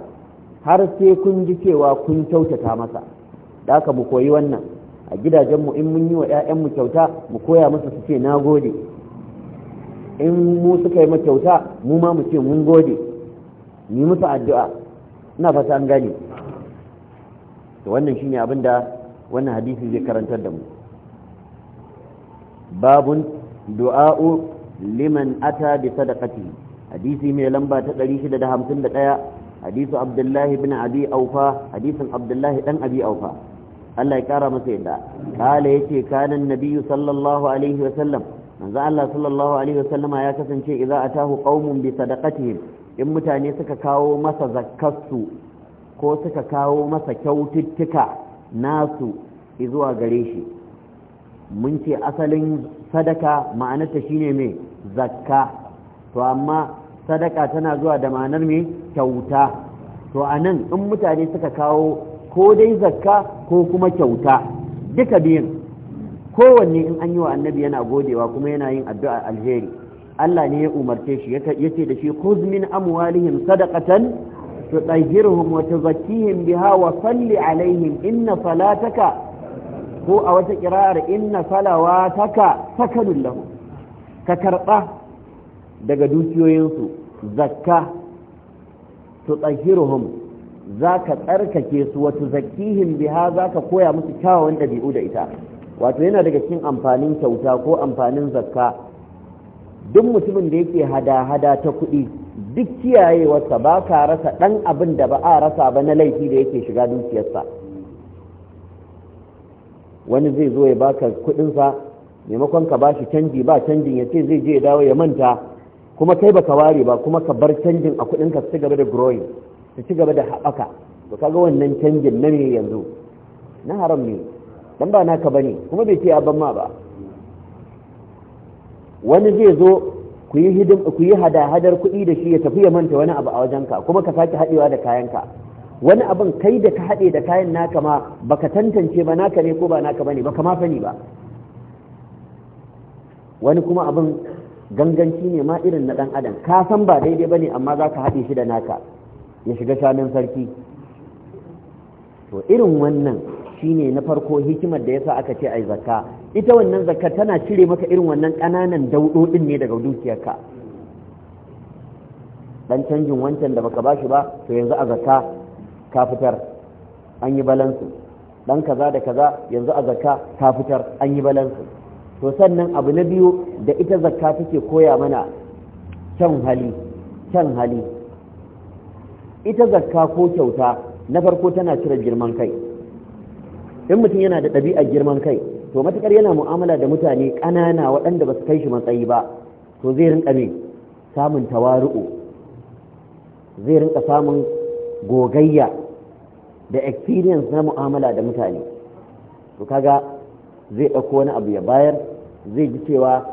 har sai kun ji cewa kun kyautata masa da haka mu koyi wannan a gidajenmu in mun yi wa 'ya'yanmu kyauta mu koya masa su ce na gode in mu suka yi kyauta mu ma mu ce mun gode mu musu addu'a ina fata an gane to wannan shine abin da wannan hadisi zai karantar da mu babun du'a'u liman ata bi sadaqati hadisi mai lamba ta 651 hadisu abdullahi ibn abi aufa hadisin abdullahi dan abi aufa Allah ya kara masa yadda kala yace kanan nabiyyu sallallahu alaihi wa sallam Allah sallallahu alaihi wa ya kasance idza atahu qaumun bi sadaqatihim in mutane suka kawo masa zakkarsu ko suka kawo masa kyaututtuka nasu izuwa gare shi mun ce asalin sadaka ma'anarta shine mai zakka to amma sadaka tana zuwa da ma'anar mai kyauta to a nan in mutane suka kawo ko dai zakka ko kuma kyauta duka biyun kowanne in an yi wa annabi yana godewa kuma yana yin addu'a alheri Allah ne ya umarce shi yace da shi kuzmin amwalihim sadaqatan tutahhiruhum wa tuzakkihim biha wa salli alaihim inna salataka ko a wata kirar inna salawa taka sakanun lahu ka karɓa daga dukiyoyinsu zakka to tsahiruhum za ka tsarkake su wata zakihin biha za ka koya musu kyawawan ɗabi'u da ita wato yana daga cikin amfanin kyauta ko amfanin zakka duk mutumin da yake hada-hada ta kuɗi duk kiyayewarsa ba ka rasa ɗan abin da ba a rasa ba na laifi da yake shiga dukiyarsa wani zai zo ya baka kuɗinsa maimakon ka bashi canji ba canjin ya ce zai je ya dawo ya manta kuma kai baka ware ba kuma ka bar canjin a kudin ka ci gaba da growing su ci gaba da haɓaka to kaga wannan canjin na ne yanzu na haram ne dan ba naka bane kuma bai ce abban ma ba wani zai zo ku yi hada hadar kuɗi da shi ya tafi ya manta wani abu a wajenka kuma ka sake haɗewa da kayanka wani abin kai da ka haɗe da kayan naka ma baka tantance ba naka ne ko ba naka bane baka ma sani ba wani kuma abin ganganci ne ma irin na ɗan adam ka san ba daidai bane amma za ka haɗe shi da naka ya shiga shanun sarki to irin wannan shine na farko hikimar da yasa aka ce ai zakka ita wannan zakka tana cire maka irin wannan ƙananan daudodin ne daga dukiyarka Ɗan canjin wancan da baka bashi ba to yanzu a zakka ka fitar an yi balansu dan kaza da kaza yanzu a zakka ka fitar an yi balansu to sannan abu na biyu da ita zakka take koya mana kyan hali kyan hali ita zakka ko kyauta na farko tana cire girman kai in mutum yana da ɗabi'ar girman kai to matukar yana mu'amala da mutane ƙanana waɗanda ba su kai shi matsayi ba to zai rinka ne samun tawaru'u zai rinka samun gogayya da experience na mu'amala da mutane to kaga zai ɗauko wani abu ya bayar zai ji cewa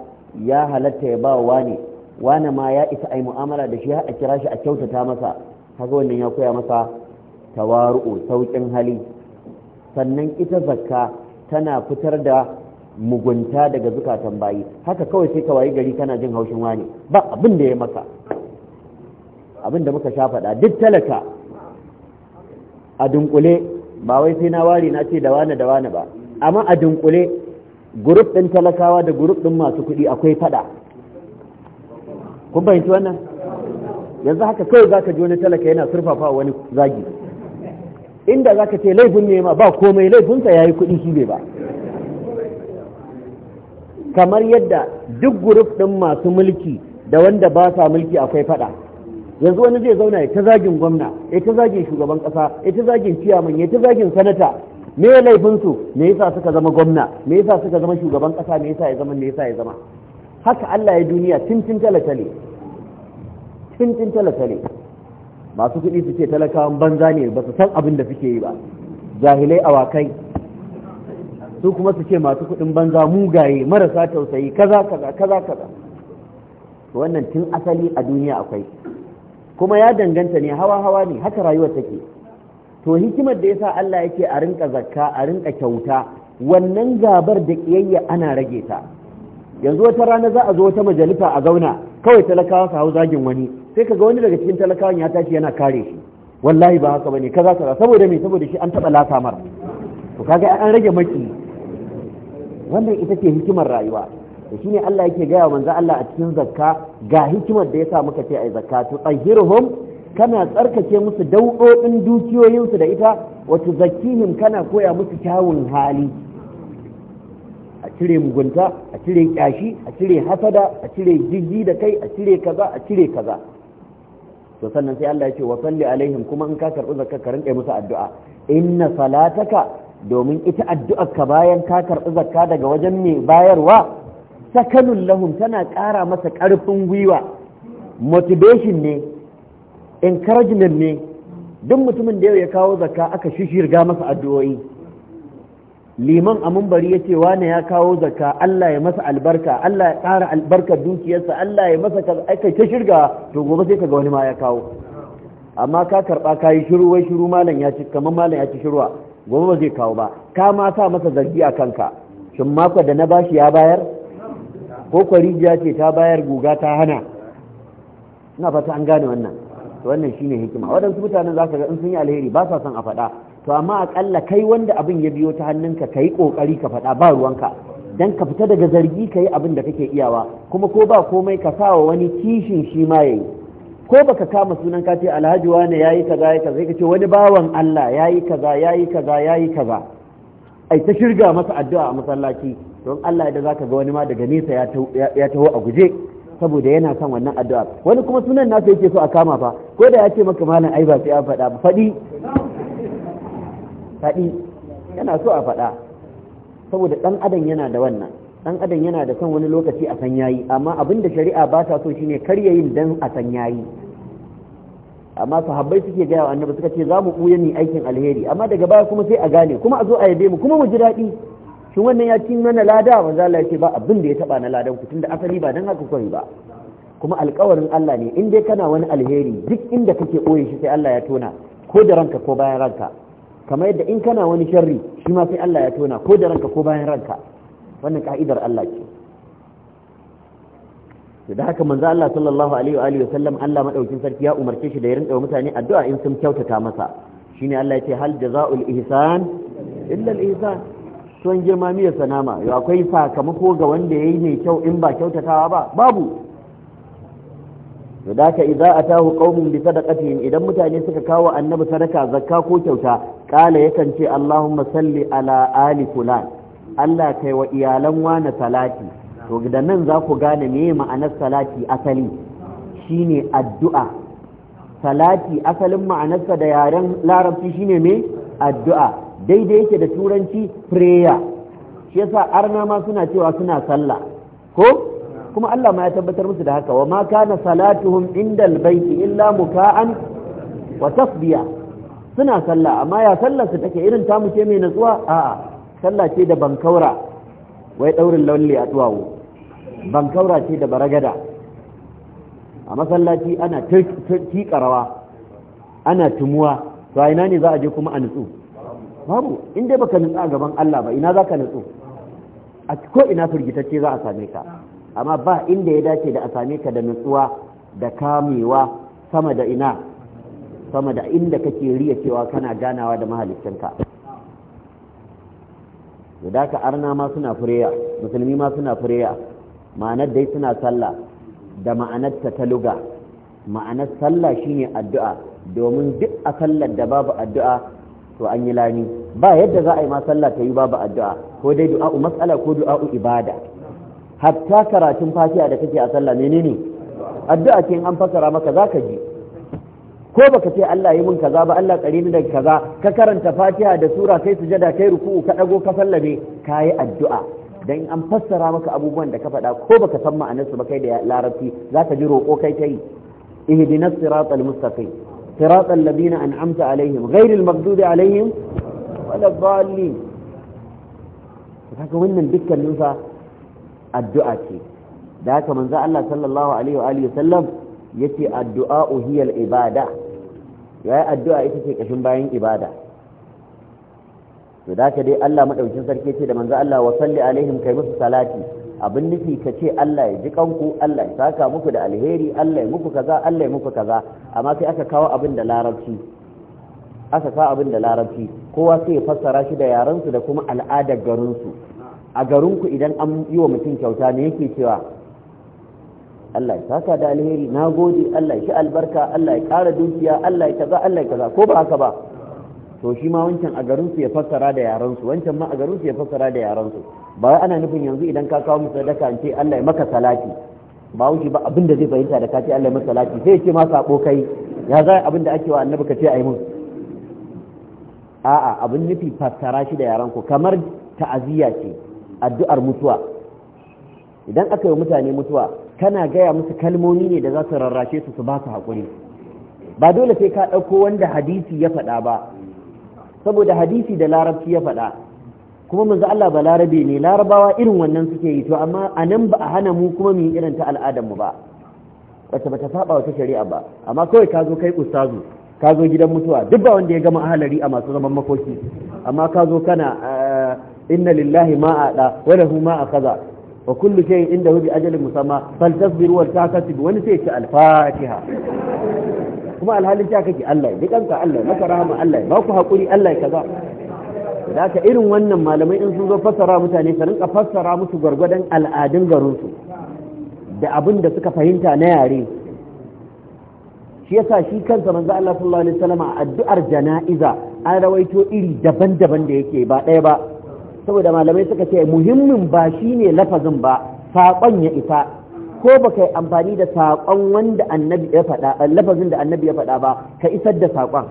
ya halatta ya ba wa wani wani ma ya isa a yi mu'amala da shi a kira shi a kyautata masa kaga wannan ya koya masa tawaru'u sauƙin hali sannan ita zakka tana fitar da mugunta daga zukatan bayi haka kawai sai ka wayi gari kana jin haushin wani ba abin da ya maka abin da muka sha faɗa duk talaka a dunkule ba wai sai na ware na ce da wane da wane ba amma a dunkule gurup din talakawa da gurup din masu kuɗi akwai fada kun fahimci wannan yanzu haka kawai zaka ji wani talaka yana surfafa wani zagi inda zaka ce laifin ne ma ba komai laifinsa yayi kuɗi shi bai ba kamar yadda duk gurup din masu mulki da wanda ba sa mulki akwai fada yanzu wani zai zauna ya ta zagin gwamna ya ta zagin shugaban kasa ya ta zagin ciyaman ya ta zagin sanata me ya laifin su me yasa suka zama gwamna me yasa suka zama shugaban kasa me yasa ya zama me yasa ya zama haka Allah ya duniya tintin talatale tintin talatale masu kuɗi su ce talakawan banza ne ba su san abin da suke yi ba jahilai awakai su kuma su ce masu kuɗin banza mugaye marasa tausayi kaza kaza kaza kaza wannan tun asali a duniya akwai kuma ya danganta ne hawa hawa ne haka rayuwar take to hikimar da yasa Allah yake a rinka zakka a rinka kyauta wannan gabar da kiyayya ana rage ta yanzu wata rana za a zo wata majalisa a zauna kawai talakawa su hau zagin wani sai kaga wani daga cikin talakawan ya tashi yana kare shi wallahi ba haka bane kaza kaza saboda me saboda shi an taba mar to kaga an rage maki wannan ita ce hikimar rayuwa to shine Allah yake gaya manzo Allah a cikin zakka ga hikimar da yasa muka ce ai zakka to tahirhum kana tsarkake musu daudodin dukiyoyinsu da ita wato tuzakkihim kana koya musu kyawun hali a cire mugunta a cire kyashi a cire hasada a cire jijji da kai a cire kaza a cire kaza to sannan sai Allah ya ce wa salli alaihim kuma in ka karbi zakka ka rinka musu addu'a inna salataka domin ita addu'ar ka bayan ka karbi zakka daga wajen mai bayarwa sakanun lahun tana ƙara masa ƙarfin gwiwa motivation ne encouragement ne duk mutumin da yau ya kawo zaka, aka shishirga masa addu'o'i liman a mumbari ya ce wane ya kawo zaka? Allah ya masa albarka Allah ya ƙara albarkar dukiyarsa Allah ya masa aka ta shirga to gobe sai kaga wani ma ya kawo amma ka karɓa ka yi shiru wai shiru malam ya ci kamar malam ya ci shirwa gobe ba zai kawo ba ka ma sa masa zargi a kanka shin mako da na bashi ya bayar ko kwarijiya ce ta bayar guga ta hana ina fata an gane wannan wannan shine hikima waɗansu mutanen za ka ga in sun yi alheri ba sa son a faɗa to amma aƙalla kai wanda abin ya biyo ta hannunka ka yi ƙoƙari ka faɗa ba ruwanka dan ka fita daga zargi ka yi abin da kake iyawa kuma ko ba komai ka sawa wani kishin shi ma ya yi ko baka kama sunan ka ce alhaji wane yayi kaza yayi kaza sai ka ce wani bawan Allah yayi kaza yayi kaza yayi kaza ai ta shirga masa addu'a a masallaci don Allah da zaka ga wani ma daga nesa ya taho a guje saboda yana son wannan addu'a wani kuma sunan nasa yake so a kama fa ko da ya ce maka malam ai ba sai an faɗa ba faɗi faɗi yana so a faɗa saboda ɗan adam yana da wannan ɗan adam yana da son wani lokaci a san yayi amma abin da shari'a ba ta so shine kar yayin dan a san yayi amma sahabbai suke gaya wa annabi suka ce za mu ɓuya ni aikin alheri amma daga baya kuma sai a gane kuma a zo a yabe mu kuma mu ji daɗi shi wannan ya cin mana lada manzo Allah ya ce ba abin da ya taba na ladan ku tunda asali ba dan haka kai ba kuma alƙawarin Allah ne in dai kana wani alheri duk inda kake ɓoye shi sai Allah ya tona ko da ranka ko bayan ranka kamar yadda in kana wani sharri shi ma sai Allah ya tona ko da ranka ko bayan ranka wannan ka'idar Allah ce to da haka manzo Allah sallallahu alaihi wa alihi Allah madaukin sarki ya umarce shi da ya rinka mutane addu'a in sun kyautata masa shine Allah yace hal jazaa'ul ihsan illa al ihsan to an girma miya sanama yo akwai sakamako ga wanda yayi mai kyau in ba kyautatawa ba babu to da haka idza atahu qaumun bi sadaqatihim idan mutane suka kawo annabi sadaka zakka ko kyauta kala yakan ce Allahumma salli ala ali fulan Allah kai wa iyalan wani salati to da nan za ku gane me ma'anar salati asali shine addu'a salati asalin ma'anarsa da yaren larabci shine me addu'a daidai yake da turanci prayer shi yasa arna ma suna cewa suna sallah ko kuma Allah ma ya tabbatar musu da haka wa ma kana salatuhum indal baiti illa muka'an wa tasbiya suna sallah amma ya sallar su take irin ta ce mai natsuwa a'a sallah ce da bankaura wai daurin lalle a duwawo ban kaura ce da baragada a masallaci ana tiƙa rawa ana tumuwa to a ina ne za a je kuma a nutsu babu in baka nutsu a gaban Allah ba ina za ka nutsu a ko ina firgitacce za a same ka amma ba inda ya dace da a same ka da nutsuwa da kamewa sama da ina sama da inda kake riya cewa kana ganawa da mahaliccinka da ka arna ma suna fureya musulmi ma suna fureya ma'anar dai suna sallah da ma'anar ta luga ma'anar sallah shine addu'a domin duk a sallar da babu addu'a to an yi lani ba yadda za a yi ma sallah ta yi babu addu'a ko dai du'a'u mas'ala ko du'a'u ibada hatta karatun fatiha da kake a sallah menene addu'a ce in an fasara maka zaka ji ko baka ce Allah yi min kaza ba Allah kare ni daga kaza ka karanta fatiha da sura kai sujada kai ruku'u ka dago ka sallame kayi addu'a dan an fassara maka abubuwan da ka faɗa ko baka san ma'anarsu ba kai da larabci zaka ji roƙo kai kai yi ihdinas siratal mustaqim siratal ladina an'amta alaihim ghairil maghdubi alaihim wala dhalin kaga wannan dukkanin sa addu'a ce da haka manzo Allah sallallahu alaihi wa alihi sallam yace addu'a hiya al ibada yayi addu'a ita ce kashin bayan ibada to da ka dai Allah madaukin sarki ce da manzo Allah wa salli alaihim kai musu salati abin nufi ka ce Allah ya ji kanku Allah ya saka muku da alheri Allah ya muku kaza Allah ya muku kaza amma sai aka kawo abin da larabci aka kawo abin da larabci kowa sai ya fassara shi da yarensu da kuma al'adar garinsu a garinku idan an yi wa mutum kyauta ne yake cewa Allah ya saka da alheri na gode Allah ya shi albarka Allah ya kara dukiya Allah ya kaza Allah ya kaza ko ba haka ba to shi ma wancan a garin su ya fassara da yaran su wancan ma a garin su ya fassara da yaran su ba ana nufin yanzu idan ka kawo musu sadaka an ce Allah ya maka salati ba wuce ba abin da zai fahimta da ka ce Allah ya maka salati sai ce ma sako kai ya za abin da ake wa annabi ka ce ai mun a'a abin nufi fassara shi da yaran ku kamar ta'aziyya ce addu'ar mutuwa idan aka yi mutane mutuwa kana gaya musu kalmomi ne da za su rarrashe su su ba su haƙuri ba dole sai ka ɗauko wanda hadisi ya faɗa ba saboda hadisi da larabci ya faɗa kuma manzo Allah ba larabe ne larabawa irin wannan suke yi to amma anan ba a hana mu kuma mu yi irin ta al'adar mu ba wacce bata saba wata shari'a ba amma kawai ka zo kai ustazu ka zo gidan mutuwa duk ba wanda ya gama ahalari a masu zaman makoki amma ka zo kana ah, inna lillahi ma a wa lahu ma a kaza wa kullu shay'in indahu bi ajalin musamma fal tasbiru wal takasib wani sai ya ci al-fatiha kuma alhalin ta kake Allah ya ka Allah ya maka rahama Allah ya baku hakuri Allah ya kaza da ka irin wannan malamai in sun zo fassara mutane su rinka fassara musu gwargwadon al'adun garinsu da abin da suka fahimta na yare shi yasa shi kansa manzo Allah sallallahu alaihi wasallam a addu'ar jana'iza an rawaito iri daban-daban da yake ba ɗaya ba saboda malamai suka ce muhimmin ba shine lafazin ba saƙon ya isa ko ka yi amfani da saƙon wanda annabi ya faɗa lafazin da annabi ya faɗa ba ka isar da saƙon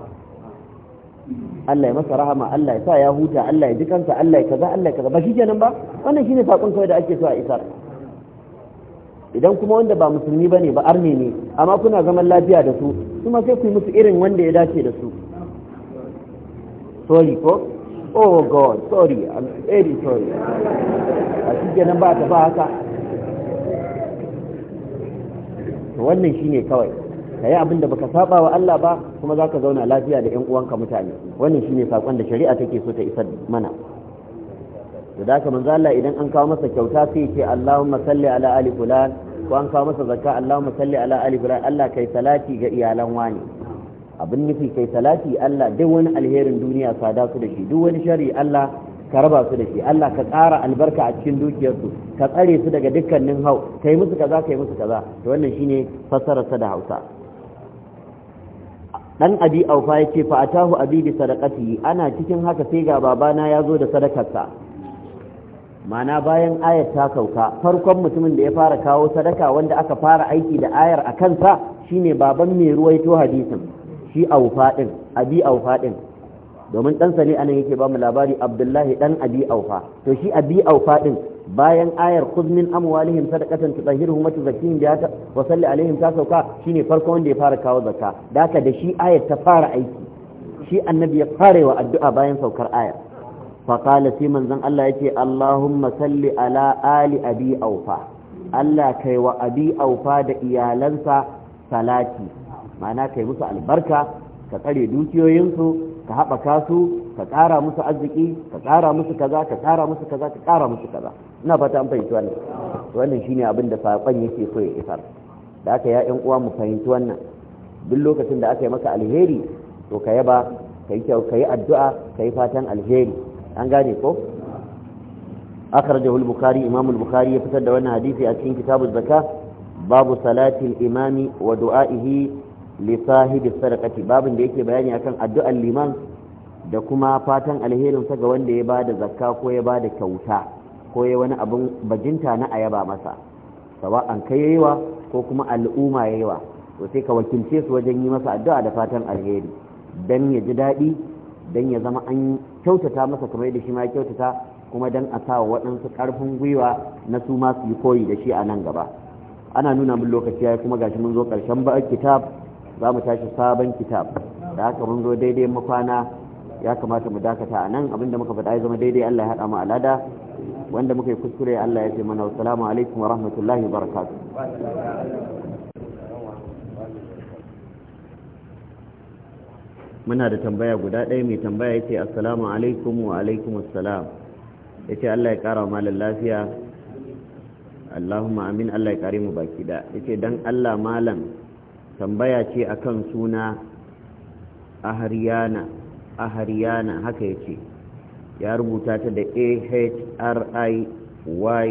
Allah ya masa rahama Allah ya sa ya huta Allah ya ji kansa Allah ya kaza Allah ya kaza ba shi kenan ba wannan shine saƙon kawai da ake so a isar idan kuma wanda ba musulmi bane ba arne ne amma kuna zaman lafiya da su kuma sai ku yi musu irin wanda ya dace da su sorry ko oh god sorry i'm very sorry a shi kenan ba ta ba haka wannan shine kawai ka yi abin da baka saba wa Allah ba kuma za ka zauna lafiya da 'yan uwanka mutane wannan shine sakon da shari'a take so ta isar mana da haka manzo Allah idan an kawo masa kyauta sai ce Allahumma salli ala ali fulan ko an kawo masa zakka Allahumma salli ala ali fulan Allah kai salati ga iyalan wani abin nufi kai salati Allah duk wani alherin duniya sada su da shi duk wani shari'a Allah ka raba su da shi Allah ka ƙara albarka a cikin dukiyarsu ka tsare su daga dukkanin hau ka yi musu kaza ka yi musu kaza to wannan shine sa da Hausa dan abi aufa yace fa atahu abi bi sadaqati ana cikin haka sai ga babana ya zo da sadakarsa mana bayan ayar ta kauka, farkon mutumin da ya fara kawo sadaka wanda aka fara aiki da ayar a kansa shine baban mai ruwaito hadisin shi aufa din abi aufa din domin ɗansa ne anan yake ba mu labari abdullahi ɗan abi aufa to shi abi aufa ɗin bayan ayar khudh min amwalihim sadaqatan tutahhiruhum wa tuzakkihim biha wa salli alaihim ta sauka shine farko wanda ya fara kawo zakka daka da shi ayar ta fara aiki shi annabi ya wa addu'a bayan saukar ayar fa qala sai manzon Allah yake Allahumma salli ala ali abi aufa Allah kai wa abi aufa da iyalansa salati ma'ana kai musu albarka ka tsare dukiyoyinsu ka haɓaka su ka ƙara musu arziki ka ƙara musu kaza ka ƙara musu kaza ka ƙara musu kaza ina fata an fahimci wannan wannan shine abin da saƙon yake so ya isar da aka ya ƴan uwa mu fahimci wannan duk lokacin da aka yi maka alheri to ka yaba ka yi kyau ka yi addu'a ka yi fatan alheri an gane ko akhrajahu al-bukhari imam al-bukhari ya fitar da wannan hadisi a cikin kitabuz zakah babu salatil imami wa du'a'ihi li sahibi sadaqati babin da yake bayani akan addu'ar liman da kuma fatan alherin sa ga wanda ya bada zakka ko ya bada kyauta ko ya wani abin bajinta na ayaba masa an kai yayiwa ko kuma al'umma yayiwa to sai ka wakilce su wajen yi masa addu'a da fatan alheri dan ya ji daɗi dan ya zama an kyautata masa kamar da shi ma kyautata kuma dan a sawa waɗansu ƙarfin gwiwa na su ma su yi koyi da shi a nan gaba ana nuna min lokaci ya kuma gashi mun zo ƙarshen ba kitab za mu tashi sabon kitab da haka mun zo daidai makwana ya kamata mu dakata a nan abinda muka faɗa ya zama daidai Allah ya haɗa mu alada wanda muka yi kuskure Allah ya ce mana assalamu alaikum wa rahmatullahi wa barakatuh muna da tambaya guda ɗaya mai tambaya ya ce assalamu alaikum wa alaikum assalam ya ce Allah ya ƙara wa malar lafiya Allahumma amin Allah ya ƙare mu baki da ya ce don Allah malam tambaya ce akan suna aharyana aharyana haka yake ya rubuta ta da a h r i y a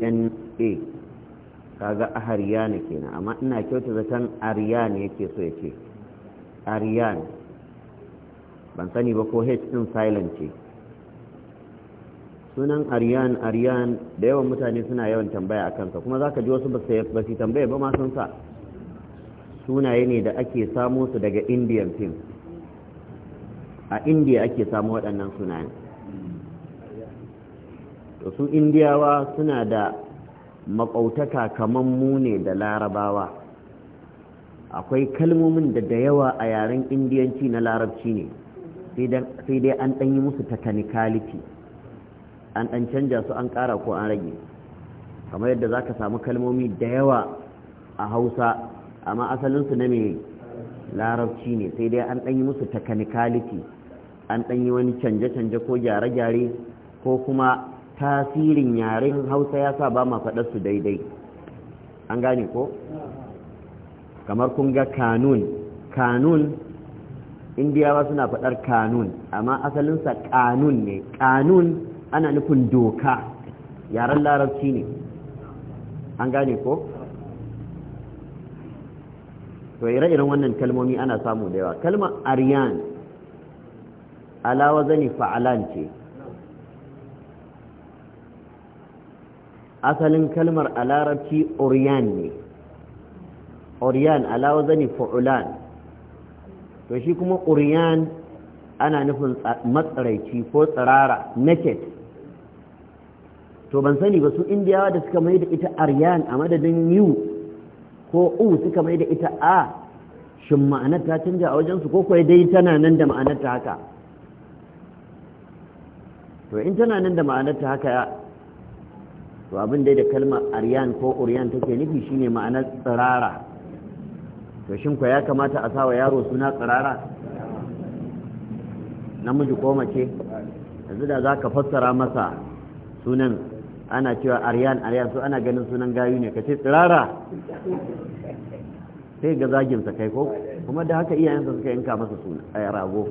n a kaga haryana kenan amma ina kyauta zaton aryan yake so ce aryan ban sani ba ko h din silent ce sunan aryan aryan da yawan mutane suna yawan tambaya a kansa kuma za ka ji wasu ba su tambaya ba ma sun sa sunaye ne da ake samo su daga indian film a indiya ake samu waɗannan sunayen to su indiyawa suna da makautaka kamar mu ne da larabawa akwai kalmomin da da yawa a yaren indiyanci na larabci ne sai dai an ɗan yi musu technicality an ɗan canja su an ƙara ko an rage kamar yadda za ka samu kalmomi da yawa a hausa amma asalinsu na mai larabci ne sai dai an ɗanyi musu technicality an ɗanyi wani canje-canje ko gyare-gyare ko kuma tasirin yaren hausa ya sa ba ma su daidai an gane ko? kamar kun ga kanun kanun indiyawa suna faɗar kanun amma asalinsa kanun ne kanun ana nufin doka yaren larabci ne an gane ko? to ire-iren wannan kalmomi ana samu da yawa kalma aryan alawa zani fa'alan ce asalin kalmar a larabci oryan ne oryan alawa zani fa'ulan to shi kuma oryan ana nufin matsaraici ko tsirara naked to ban sani ba su indiyawa da suka mai da ita aryan a madadin yiwu ko u suka mai da ita a shin ma'anar ta canja a wajensu ko kuwa dai tana nan da ma'anar ta haka to in tana nan da ma'anar ta haka to abin dai da kalmar aryan ko uryan take nufi shine ma'anar tsirara to shin kuwa ya kamata a sawa yaro suna tsirara namiji ko mace yanzu da za ka fassara masa sunan ana cewa aryan aryan su ana ganin sunan gayu ne ka ce tsirara sai ga zaginsa kai ko kuma da haka iyayensa suka yanka masa suna a eh, rago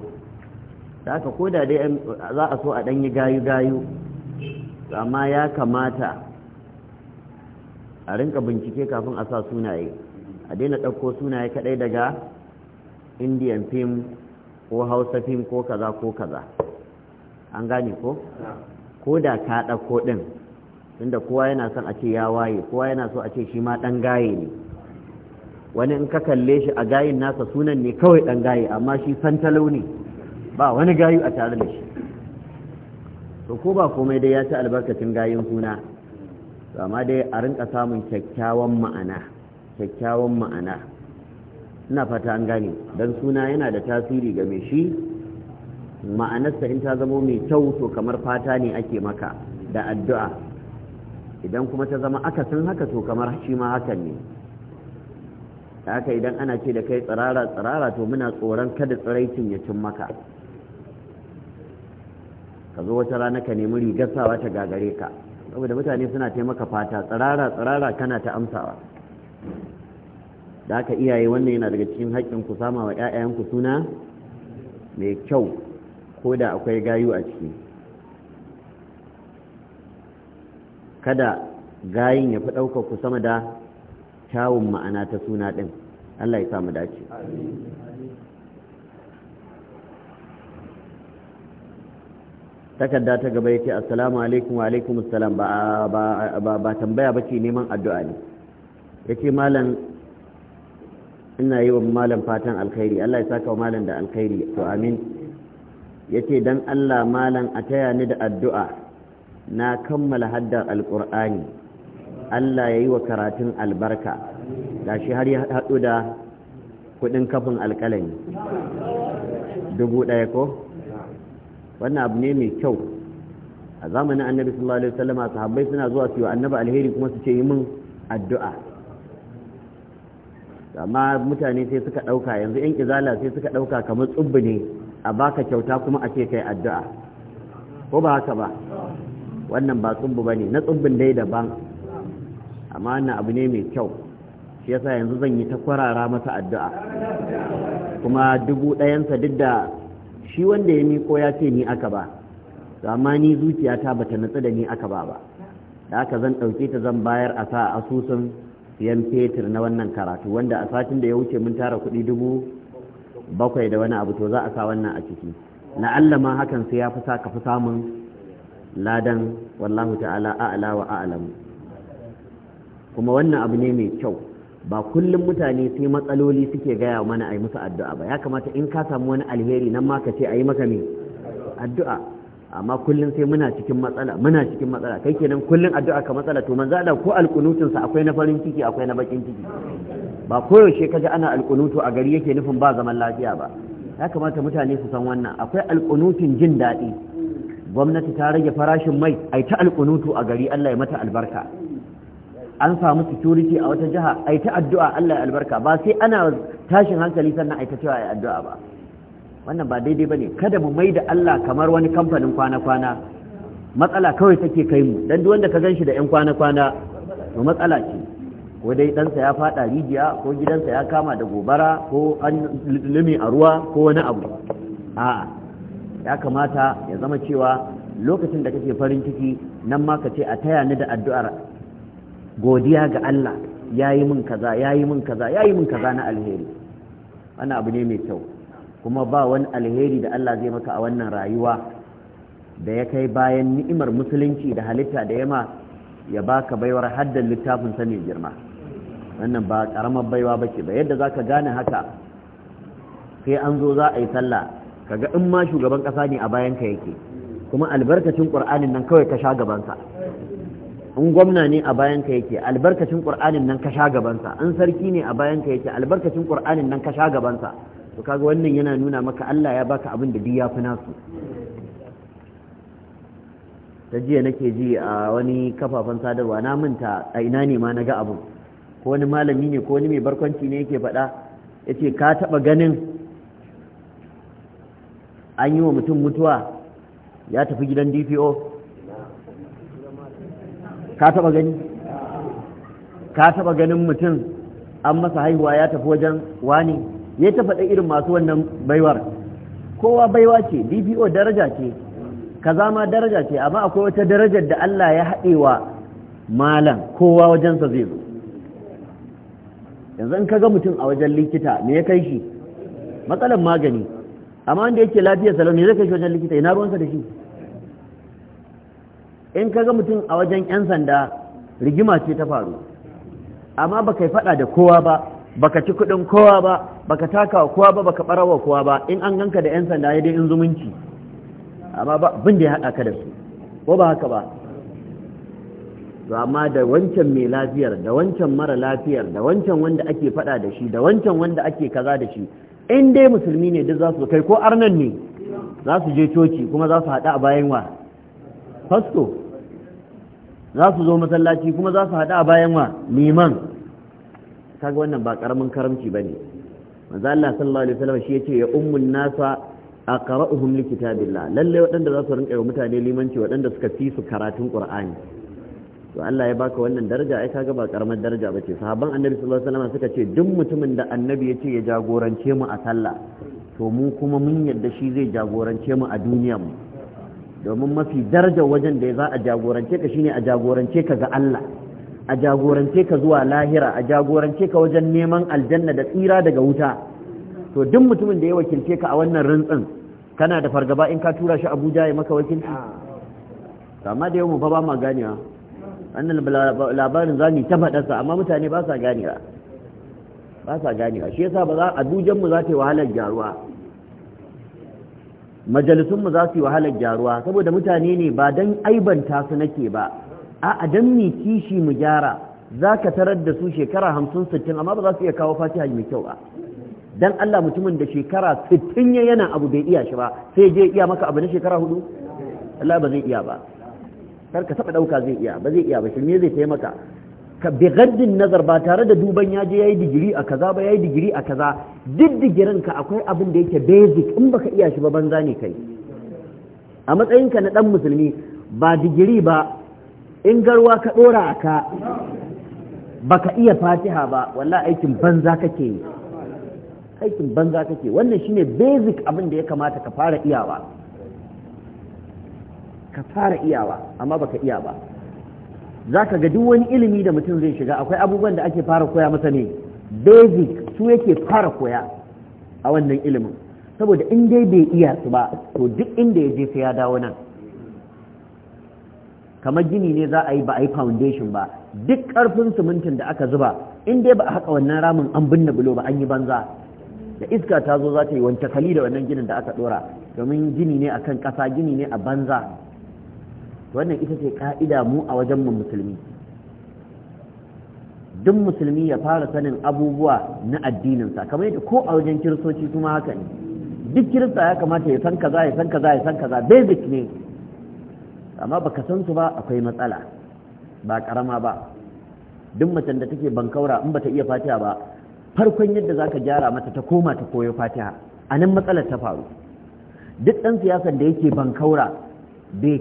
da haka ko da dai za a so a ɗanyi gayu gayu amma ya kamata a rinka bincike kafin a sa sunaye a daina ɗauko sunaye kaɗai daga indian film ko hausa film ko kaza ko kaza an gane ko ko da ka ɗauko ɗin tunda kowa yana son a ce ya waye kowa yana so a ce shi ma dan gaye ne wani in ka kalle shi a gayin nasa sunan ne kawai dan gaye amma shi santalo ne ba wani gayu a tare da shi to ko ba komai dai ya ci albarkacin gayin suna amma dai a rinka samun kyakkyawan ma'ana kyakkyawan ma'ana ina fata an gane dan suna yana da tasiri game shi ma'anarsa in ta zamo mai kyau to kamar fata ne ake maka da addu'a idan kuma ta zama akasin haka to kamar shi ma hakan ne haka idan ana ce da kai tsirara tsirara to muna tsoron kada tsiraicin ya cin maka ka zo wata rana ka nemi rigasawa ta gagare ka saboda mutane suna taimaka fata tsirara tsirara kana ta amsawa da haka iyaye wannan yana daga cikin haƙƙin ku sama wa 'ya'yanku suna mai kyau ko da akwai gayu a ciki kada gayin ya fi ɗaukar ku sama da kyawun ma'ana ta suna ɗin Allah ya samu dace takarda ta gaba yake assalamu alaikum wa alaikum assalam ba ba tambaya neman addu'a ne ce malam ina yi wa malam fatan alkhairi Allah ya saka wa malam da alkhairi to amin ce dan Allah malam a taya ni da addu'a na kammala haddar alƙur'ani Allah ya yi wa karatun albarka da shi har ya haɗu da kuɗin kafin alƙalami dubu ɗaya ko wannan abu ne mai kyau a zamanin annabi sallallahu alaihi wasallam sahabbai suna zuwa su yi annabi alheri kuma su ce yi min addu'a amma mutane sai suka ɗauka yanzu yan izala sai suka ɗauka kamar tsubbi ne a baka kyauta kuma a ce kai addu'a ko ba haka ba wannan ba tsumbu ba ne na tsumbun dai daban amma wannan abu ne mai kyau shi yasa yanzu zan yi ta kwarara masa addu'a kuma dubu ɗayansa duk da shi wanda ya miko ya ce ni aka ba amma ni zuciyata bata natsu da ni aka ba ba da aka zan ɗauke ta zan bayar a sa asusun siyan fetur na wannan karatu wanda a satin da ya wuce mun tara kuɗi dubu bakwai da wani abu to za a sa wannan a ciki na ma hakan sai ya fi sa ka fi samun ladan wallahu ta'ala a'la wa a'lam kuma wannan abu ne mai kyau ba kullum mutane sai matsaloli suke gaya mana a yi musu addu'a ba ya kamata in ka samu wani alheri nan ma ka ce a yi maka mai addu'a amma kullum sai muna cikin matsala muna cikin matsala kai kenan kullum addu'a ka matsala to manzo Allah ko alqunutun sa akwai na farin ciki akwai na bakin ciki ba koyaushe kaje ana alqunutu a gari yake nufin ba zaman lafiya ba ya kamata mutane su san wannan akwai alqunutun jin daɗi gwamnati ta rage farashin mai ai ta alƙunutu a gari Allah ya mata albarka an samu security a wata jiha ai ta addu'a Allah ya albarka ba sai ana tashin hankali sannan ai ta cewa ya addu'a ba wannan ba daidai bane kada mu mai da Allah kamar wani kamfanin kwana-kwana matsala kawai take kai mu don duk wanda ka ganshi da 'yan kwana-kwana to matsala ce ko dai ɗansa ya faɗa rijiya ko gidansa ya kama da gobara ko an lumi a ruwa ko wani abu a'a ya kamata ya zama cewa lokacin da kake farin ciki nan ma ka ce a taya ni da addu'ar godiya ga Allah ya yi min kaza ya yi min kaza ya yi min kaza na alheri wani abu ne mai kyau kuma ba wani alheri da Allah zai maka a wannan rayuwa da ya kai bayan ni'imar musulunci da halitta da yama ya baka baiwar haddan littafin sa girma wannan ba karamar baiwa bace ba yadda zaka gane haka sai an zo za a yi sallah kaga in ma shugaban kasa ne a bayan ka yake kuma albarkacin qur'anin nan kawai ka sha gaban in gwamna ne a bayan ka yake albarkacin qur'anin nan ka sha gaban in sarki ne a bayan ka yake albarkacin qur'anin nan ka sha gaban to kaga wannan yana nuna maka Allah ya baka abin da duk ya fi nasu ta jiya nake ji a wani kafafen sadarwa na manta a ina ne ma na ga abu ko wani malami ne ko wani mai barkwanci ne yake faɗa ya ce ka taɓa ganin an yi wa mutum mutuwa ya tafi gidan dpo ka taba gani ka taba ganin mutum an masa haihuwa ya tafi wajen wani ya tafa da irin masu wannan baiwar kowa baiwa ce dpo daraja ce kaza ma daraja ce amma akwai wata darajar da allah ya haɗe wa malam kowa wajensa zai zo yanzu in ka ga mutum a wajen likita me ya kai shi matsalar magani amma wanda yake lafiyar salon ne zai kai shi wajen likita ina ruwansa da shi in ka ga mutum a wajen 'yan sanda rigima ce ta faru amma ba kai faɗa da kowa ba baka ci kuɗin kowa ba baka taka wa kowa ba baka ɓarawa kowa ba in an ganka da 'yan sanda ya dai in zumunci amma ba bin da ya haɗa ka da su ko ba haka ba to amma da wancan mai lafiyar da wancan mara lafiyar da wancan wanda ake faɗa da shi da wancan wanda ake kaza da shi in dai musulmi ne duk za su kai ko arnan ne za su je coci kuma za su haɗa a bayan wa fasto za su zo masallaci kuma za su haɗa a bayan wa liman kaga wannan ba ƙaramin karamci ba ne manzo Allah sallallahu alaihi wasallam shi yace ya ummun nasa aqra'uhum likitabillah lalle waɗanda za su rinka yi mutane limanci waɗanda suka fi su karatun qur'ani to Allah ya baka wannan daraja ai kaga ba karamar daraja bace sahabban annabi sallallahu alaihi wasallam suka ce duk mutumin da annabi ya ce ya jagorance mu a sallah to mu kuma mun yadda shi zai jagorance mu a duniyar mu domin mafi daraja wajen da za a jagorance ka shine a jagorance ka ga Allah a jagorance ka zuwa lahira a jagorance ka wajen neman aljanna da tsira daga wuta to duk mutumin da ya wakilce ka a wannan rintsin kana da fargaba in ka tura shi Abuja ya maka wakilci amma da yau mu fa ba ma ganewa annan labarin za mu ta faɗarsa amma mutane ba sa ganewa ba sa ganewa shi yasa ba za za ta yi wahalar gyaruwa majalisunmu za su yi wahalar gyaruwa saboda mutane ne ba don aibanta su nake ba a dan mi kishi mu gyara za ka tarar da su shekara hamsin sittin amma ba za su iya kawo fatiha mai kyau ba dan Allah mutumin da shekara sittin ya yana abu bai iya shi ba sai je iya maka abu na shekara hudu Allah ba zai iya ba kar ka taba dauka zai iya ba zai iya ba shi me zai taimaka ka bi gaddin nazar ba tare da duban ya je yayi digiri a kaza ba yayi digiri a kaza duk digirin ka akwai abin da yake basic in baka iya shi ba banza ne kai a matsayinka na dan musulmi ba digiri ba in garwa ka dora a ka baka iya fatiha ba wallahi aikin banza kake yi aikin banza kake wannan shine basic abin da ya kamata ka fara iyawa ka fara iyawa amma baka iya ba za ka ga duk wani ilimi da mutum zai shiga akwai abubuwan da ake fara koya masa ne basic su yake fara koya a wannan ilimin saboda in dai bai iya su ba to duk inda ya je sai ya dawo nan kamar gini ne za a yi ba a yi foundation ba duk karfin simintin da aka zuba in dai ba a haka wannan ramin an binne bulo ba an yi banza da iska ta zo za ta yi wanke kali da wannan ginin da aka dora domin gini ne akan ƙasa gini ne a banza wannan ita ce ka'ida mu a wajen mu musulmi duk musulmi ya fara sanin abubuwa na addininsa kamar yadda ko a wajen kiristoci kuma haka ne duk kirista ya kamata ya san kaza ya san kaza ya san kaza basic ne amma baka san su ba akwai matsala ba karama ba duk macen da take bankaura in bata iya fatiha ba farkon yadda zaka gyara mata ta koma ta koyo fatiha anan matsalar ta faru duk dan siyasar da yake bankaura bai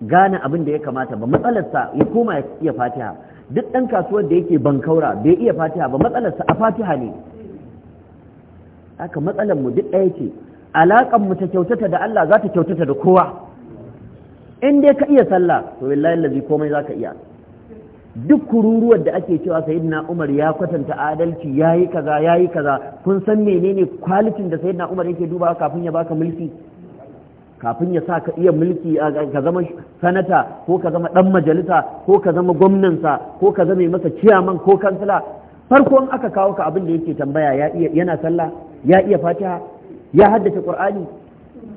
gane abin da ya kamata ba matsalarsa ya koma ya iya fatiha duk ɗan kasuwar da yake bankaura bai iya fatiha ba matsalarsa a fatiha ne haka matsalar mu duk ɗaya ce alaƙanmu ta kyautata da Allah za ta kyautata da kowa in dai ka iya sallah to wallahi lazi komai za ka iya duk kururuwar da ake cewa sayyidina Umar ya kwatanta adalci yayi kaza yayi kaza kun san menene kwalitin da sayyidina Umar yake dubawa kafin ya baka mulki kafin ya sa ka iya mulki ka zama sanata ko ka zama dan majalisa ko ka zama gwamnansa ko ka zama masa ciyaman ko kansila farko in aka kawo ka abin da yake tambaya ya iya yana sallah ya iya fatiha ya haddace qur'ani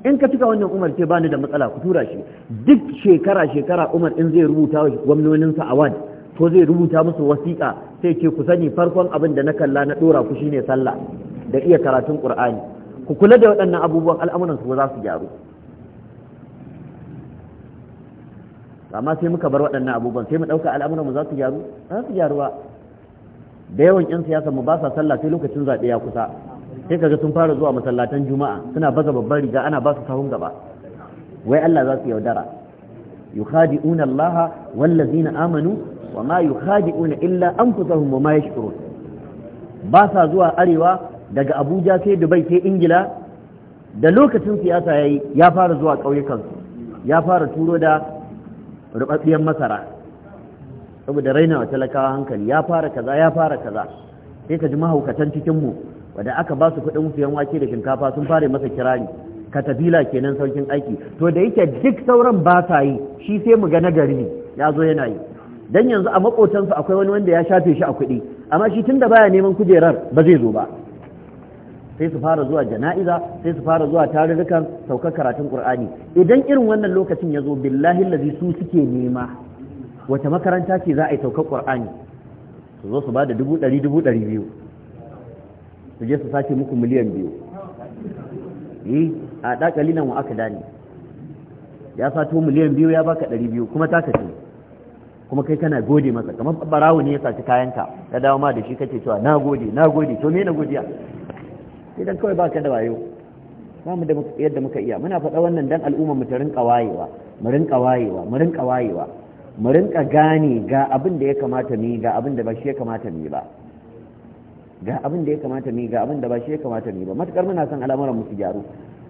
in ka cika wannan umar ce bani da matsala ku tura shi duk shekara shekara umar in zai rubuta wa gwamnoninsa award ko zai rubuta musu wasiƙa sai ce ku sani farkon abin da na kalla na dora ku shine sallah da iya karatun qur'ani ku kula da waɗannan abubuwan al'amuran su za su gyaru amma sai muka bar waɗannan abubuwan sai mu ɗauka al'amuranmu za su gyaru za su da yawan 'yan siyasa mu ba sa sallah sai lokacin zaɓe ya kusa sai kaga sun fara zuwa masallatan juma'a suna baza babban riga ana ba su sahun gaba wai Allah za su yaudara yukhadi'una Allah wallazina amanu wa ma yukhadi'una illa anfusahum wa ma yashkurun ba sa zuwa arewa daga Abuja sai Dubai sai Ingila da lokacin siyasa yayi ya fara zuwa ƙauyukansu ya fara turo da rubabbiyar masara saboda raina wa talakawa hankali ya fara kaza ya fara kaza sai ka ji mahaukatan cikin mu wanda aka ba su kuɗin siyan wake da shinkafa sun fara masa kirari katafila kenan saukin aiki to da yake duk sauran ba sa yi shi sai mu ga na ne ya zo yana yi dan yanzu a makotansu akwai wani wanda ya shafe shi a kuɗi amma shi tunda baya neman kujerar ba zai zo ba sai su fara zuwa jana'iza sai su fara zuwa tarurrukan saukar karatun qur'ani idan irin wannan lokacin ya zo billahi lazi su suke nema wata makaranta ce za a yi saukar qur'ani su zo su ba da dubu ɗari dubu ɗari biyu su je su sace muku miliyan biyu yi a ɗakali nan wa aka dani ya sato miliyan biyu ya baka ɗari biyu kuma ta kace kuma kai kana gode masa kamar barawo ne ya saci kayanka ka dawo ma da shi kace cewa na gode na gode to me na godiya sai kawai kawai ka da wayo ba mu da yadda muka iya muna faɗa wannan dan al'umma mu ta rinka wayewa mu rinka wayewa mu rinka wayewa mu rinka gane ga abin da ya kamata mu yi ga abin da ba shi ya kamata mu yi ba ga abin da ya kamata mu yi ga abin da ba shi ya kamata mu yi ba matukar muna son al'amuran mu su gyaru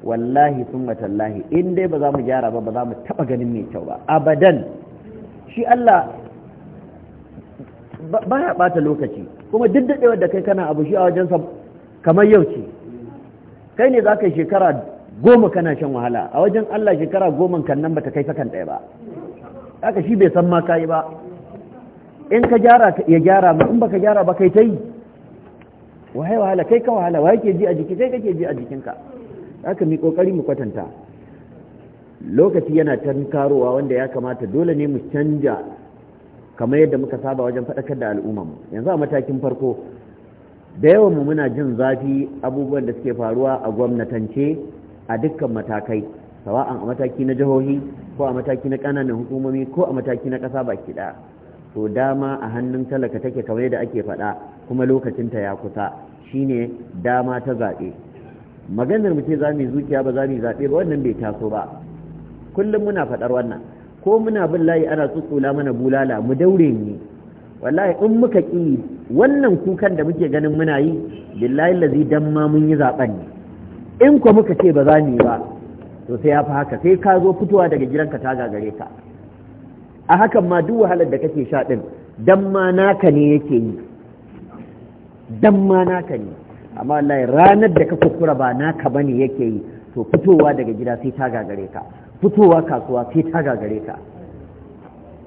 wallahi sun tallahi in dai ba za mu gyara ba ba za mu taba ganin mai kyau ba abadan shi Allah baya bata lokaci kuma duk dadewar da kai kana abu shi a wajensa kamar yau ce kai ne za ka yi shekara goma kana shan wahala a wajen Allah shekara goma kan nan bata kai sakan ɗaya ba haka shi bai san ma ka yi ba in ka gyara ya gyara ma in baka gyara ba kai ta yi wahai wahala kai ka wahala wahai ke ji a jiki kai kake ji a jikinka haka mi kokari mu kwatanta lokaci yana tankarowa wanda ya kamata dole ne mu canja kamar yadda muka saba wajen faɗakar da al'umman yanzu a matakin farko da yawan mu muna jin zafi abubuwan da suke faruwa a gwamnatance a dukkan matakai sawa'an a mataki na jihohi ko a mataki na kananan hukumomi ko a mataki na kasa baki ɗaya to dama a hannun talaka take kamar da ake faɗa kuma lokacinta ya kusa shine dama ta zaɓe maganar mu ce za mu yi zuciya ba za mu yi zaɓe ba wannan bai taso ba kullum muna faɗar wannan ko muna bin layi ana tsutsula mana bulala mu daure ni wallahi in muka ƙi wannan kukan da muke ganin muna yi billahi lazi dan ma mun yi zaben ne in ko muka ce ba za mu yi ba to sai ya fi haka sai ka zo fitowa daga gidanka ta gagare ka a hakan ma duk wahalar da kake sha din dan ma naka ne yake yi dan ma naka ne amma wallahi ranar da ka kukura ba naka bane yake yi to fitowa daga gida sai ta gagare ka fitowa kasuwa sai ta gagare ka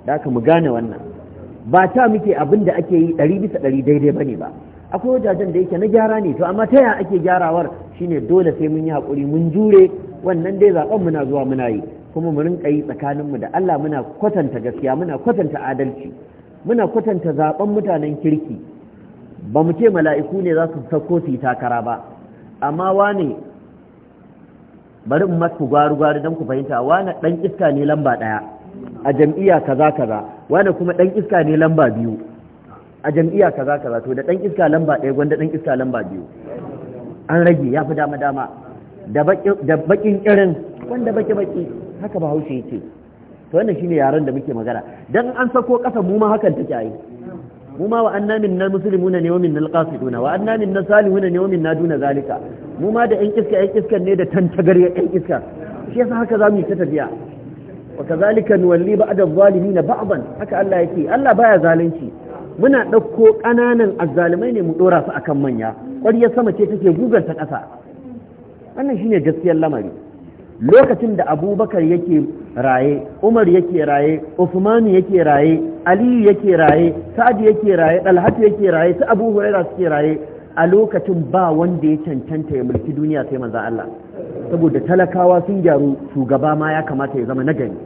da ka mu gane wannan ba ta muke abin da ake yi ɗari bisa ɗari daidai ba ne ba akwai wajajen da yake na gyara ne to amma ta yaya ake gyarawar shine dole sai mun yi haƙuri mun jure wannan dai zaɓen muna zuwa muna yi kuma mu rinka yi tsakaninmu da Allah muna kwatanta gaskiya muna kwatanta adalci muna kwatanta zaɓen mutanen kirki ba mu ce mala'iku ne za su sauko su yi takara ba amma wane bari in maku gwaru-gwaru don ku fahimta wane ɗan iska ne lamba ɗaya a jam'iyya kaza kaza wani kuma dan iska ne lamba biyu a jam'iyya kaza kaza to da dan iska lamba ɗaya gwanda dan iska lamba biyu an rage ya fi dama dama da bakin irin wanda baki baki haka ba haushe yake to wannan shine yaren da muke magana dan an sako ƙasa mu ma hakan take yi mu ma wa anna minna muslimuna ne wa minna alqasituna wa anna minna salihuna ne wa minna duna zalika mu ma da yan iska yan iskan ne da tantagar yan iska shi yasa haka zamu yi ta tafiya wa kazalika nuwalli ba'da zalimin ba'dan haka Allah yake Allah baya zalunci muna ɗauko ƙananan azzalumai ne mu ɗora su akan manya ƙwarya sama ce take gugar ta ƙasa wannan shine gaskiyar lamari lokacin da abubakar yake raye umar yake raye usmanu yake raye aliyu yake raye sa'ad yake raye dalhatu yake raye su abu huraira suke raye a lokacin ba wanda ya cancanta ya mulki duniya sai manzo Allah saboda talakawa sun gyaru shugaba ma ya kamata ya zama nagari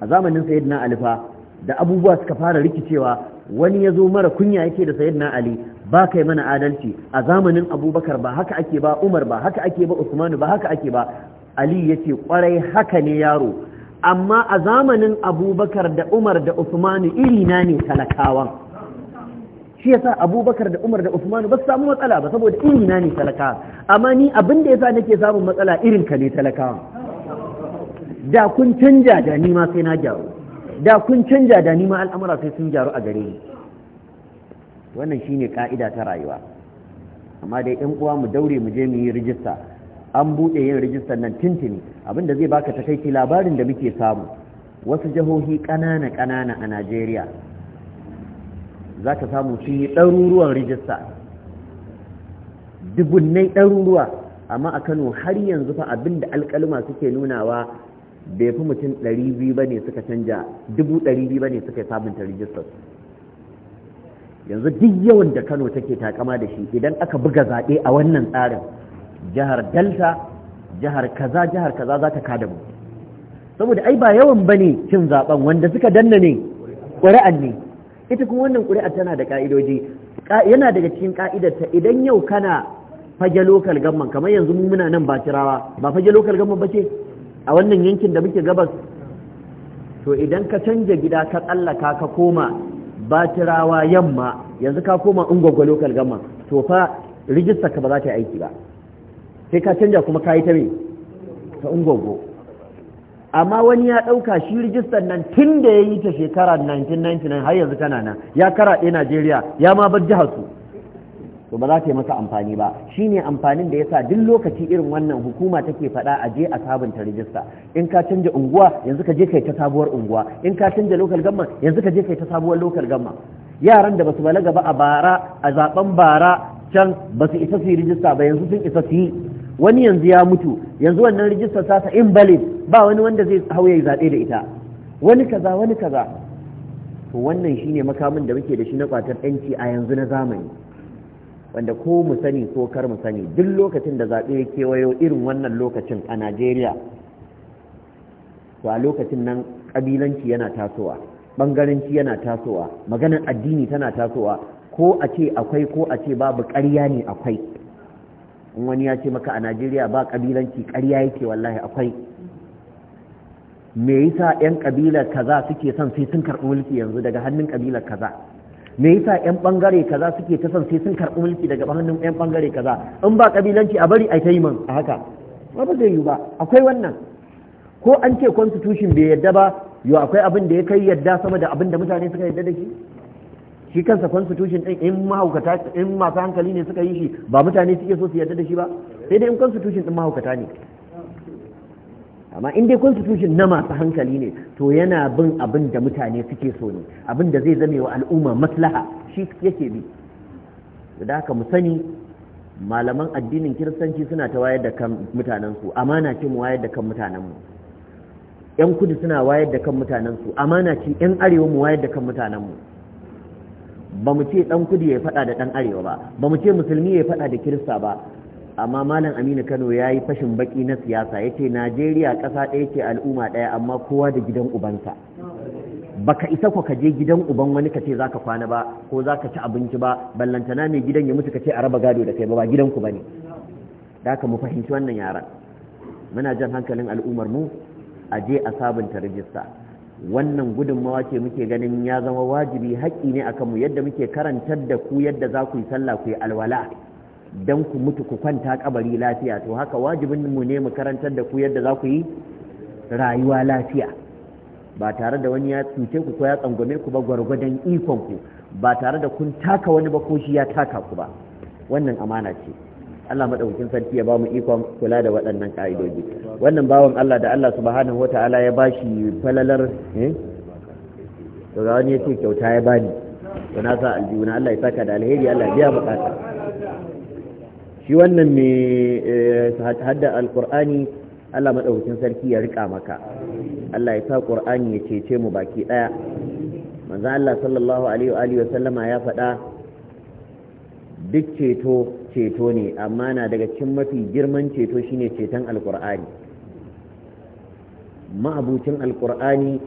a zamanin sayyidina ali fa da abubuwa suka fara rikicewa wani ya zo mara kunya yake da sayyidina ali ba kai mana adalci a zamanin abubakar ba haka ake ba umar ba haka ake ba Usman ba haka ake ba ali yace kwarai haka ne yaro amma a zamanin abubakar da umar da Usman iri na ne talakawan shi yasa abubakar da umar da Usman ba su samu matsala ba saboda iri na ne talakawa amma ni abin da yasa nake samun matsala irin ka ne talakawan da kun canja da ni ma sai na gyaru da kun canja da ni ma al'amura sai sun gyaru a gare ni wannan shine ka'ida ta rayuwa amma dai 'yan uwa mu daure mu je mu yi rijista an buɗe yin rijistar nan tintini abinda zai baka ta kai labarin da muke samu wasu jihohi ƙanana ƙanana a Najeriya za ka samu sun yi ɗaruruwan rijista dubunnai ɗaruruwa amma a Kano har yanzu fa abinda alƙaluma suke nunawa bai fi mutum 200 ba ne suka canja 200 ba ne suka sabunta rijistar yanzu duk yawan da kano take takama da shi idan aka buga zaɓe a wannan tsarin jihar delta jihar kaza jihar kaza za ta kada mu saboda ai ba yawan ba ne cin zaɓen wanda suka danna ne ƙuri'an ne ita kuma wannan ƙuri'ar tana da ƙa'idoji yana daga cikin ƙa'idar ta idan yau kana fage lokal gamman kamar yanzu mu muna nan ba kirawa ba fage lokal gamman ba ce a wannan yankin da muke gabas to idan ka canja gida ka tsallaka ka koma batirawa yamma yanzu ka koma ungwagwa local gama to fa rijista ka ba za ta yi aiki ba sai ka canja kuma ka yi ta me ta ungwagwa amma wani ya ɗauka shi rijistar nan tun da ya yi ta shekarar 1999 har yanzu tana nan ya karaɗe najeriya ya ma bar jihar su to ba za ta yi masa amfani ba Shi ne amfanin da ya sa duk lokaci irin wannan hukuma take faɗa a je a sabunta rijista in ka canja unguwa yanzu ka je kai ta sabuwar unguwa in ka canja local gamma yanzu ka je kai ta sabuwar local gamma yaran da basu balaga ba a bara a zaben bara can basu isa su yi rijista ba yanzu sun isa su yi wani yanzu ya mutu yanzu wannan rijistar ta ta invalid ba wani wanda zai hau ya zaɓe da ita wani kaza wani kaza to wannan shine makamin da muke da shi na ƙwatar 'yanci a yanzu na zamani wanda ko mu sani ko kar mu sani duk lokacin da zaɓe ya kewayo irin wannan lokacin a najeriya to a lokacin nan ƙabilanci yana tasowa ɓangaranci yana tasowa maganar addini tana tasowa ko a ce akwai ko a ce babu ƙarya ne akwai in wani ya ce maka a najeriya ba ƙabilanci ƙarya yake wallahi akwai me yasa 'yan ƙabilar kaza suke son sai sun karɓi mulki yanzu daga hannun ƙabilar kaza me yasa yan bangare kaza suke ta son sai sun karɓi mulki daga hannun yan bangare kaza in ba kabilanci a bari a ta man a haka ba ba zai yi ba akwai wannan ko an ce constitution bai yadda ba yo akwai abin da ya kai yadda sama da abin da mutane suka yadda da shi shi kansa constitution din in mahaukata in masu hankali ne suka yi shi ba mutane suke so su yadda da shi ba sai dai in constitution din mahaukata ne amma in dai constitution na masu hankali ne to yana bin abin da mutane suke so ne abin da zai zame wa al'umma maslaha shi yake bi da haka mu sani malaman addinin kiristanci suna ta wayar da kan mutanensu amana ce mu wayar da kan mutanenmu yan kudu suna wayar da kan mutanensu amana ce yan arewa mu wayar da kan mutanenmu ba mu ce dan kudu ya faɗa da dan arewa ba ba mu ce musulmi ya faɗa da kirista ba amma malam aminu kano ya yi fashin baki na siyasa ya ce najeriya ƙasa ɗaya ce al'umma ɗaya amma kowa da gidan ubansa baka isa ka je gidan uban wani ka ce za ka kwana ba ko za ka ci abinci ba ballantana mai gidan ya mutu ka ce a raba gado da kai ba ba gidanku ba ne da ka mu fahimci wannan yaran muna jan hankalin al'ummar mu a je a sabunta rijista wannan gudunmawa ce muke ganin ya zama wajibi haƙƙi ne akan mu yadda muke karantar da ku yadda za ku yi sallah ku yi alwala don ku mutu ku kwanta kabari lafiya to haka wajibin mu ne mu karantar da ku yadda za ku yi rayuwa lafiya ba tare da wani ya cuce ku ko ya tsangwame ku ba gwargwadon ikon ku ba tare da kun taka wani ba ko shi ya taka ku ba wannan amana ce Allah madaukakin sarki ya ba mu ikon kula da waɗannan ƙa'idoji wannan bawan Allah da Allah subhanahu wata'ala ya bashi falalar eh to ga wani ya kyauta ya bani to na sa aljihuna Allah ya saka da alheri Allah ya biya bukata shi wannan mai eh, hadda alkur'ani Allah maɗaukacin sarki ya rika maka Allah ya sa ƙur'ani ya cece mu baki ɗaya manzo Allah sallallahu alaihi wa sallama ya faɗa duk ceto ceto ne amma na daga cikin mafi girman ceto shine ceton alkur'ani ma'abucin alkur'ani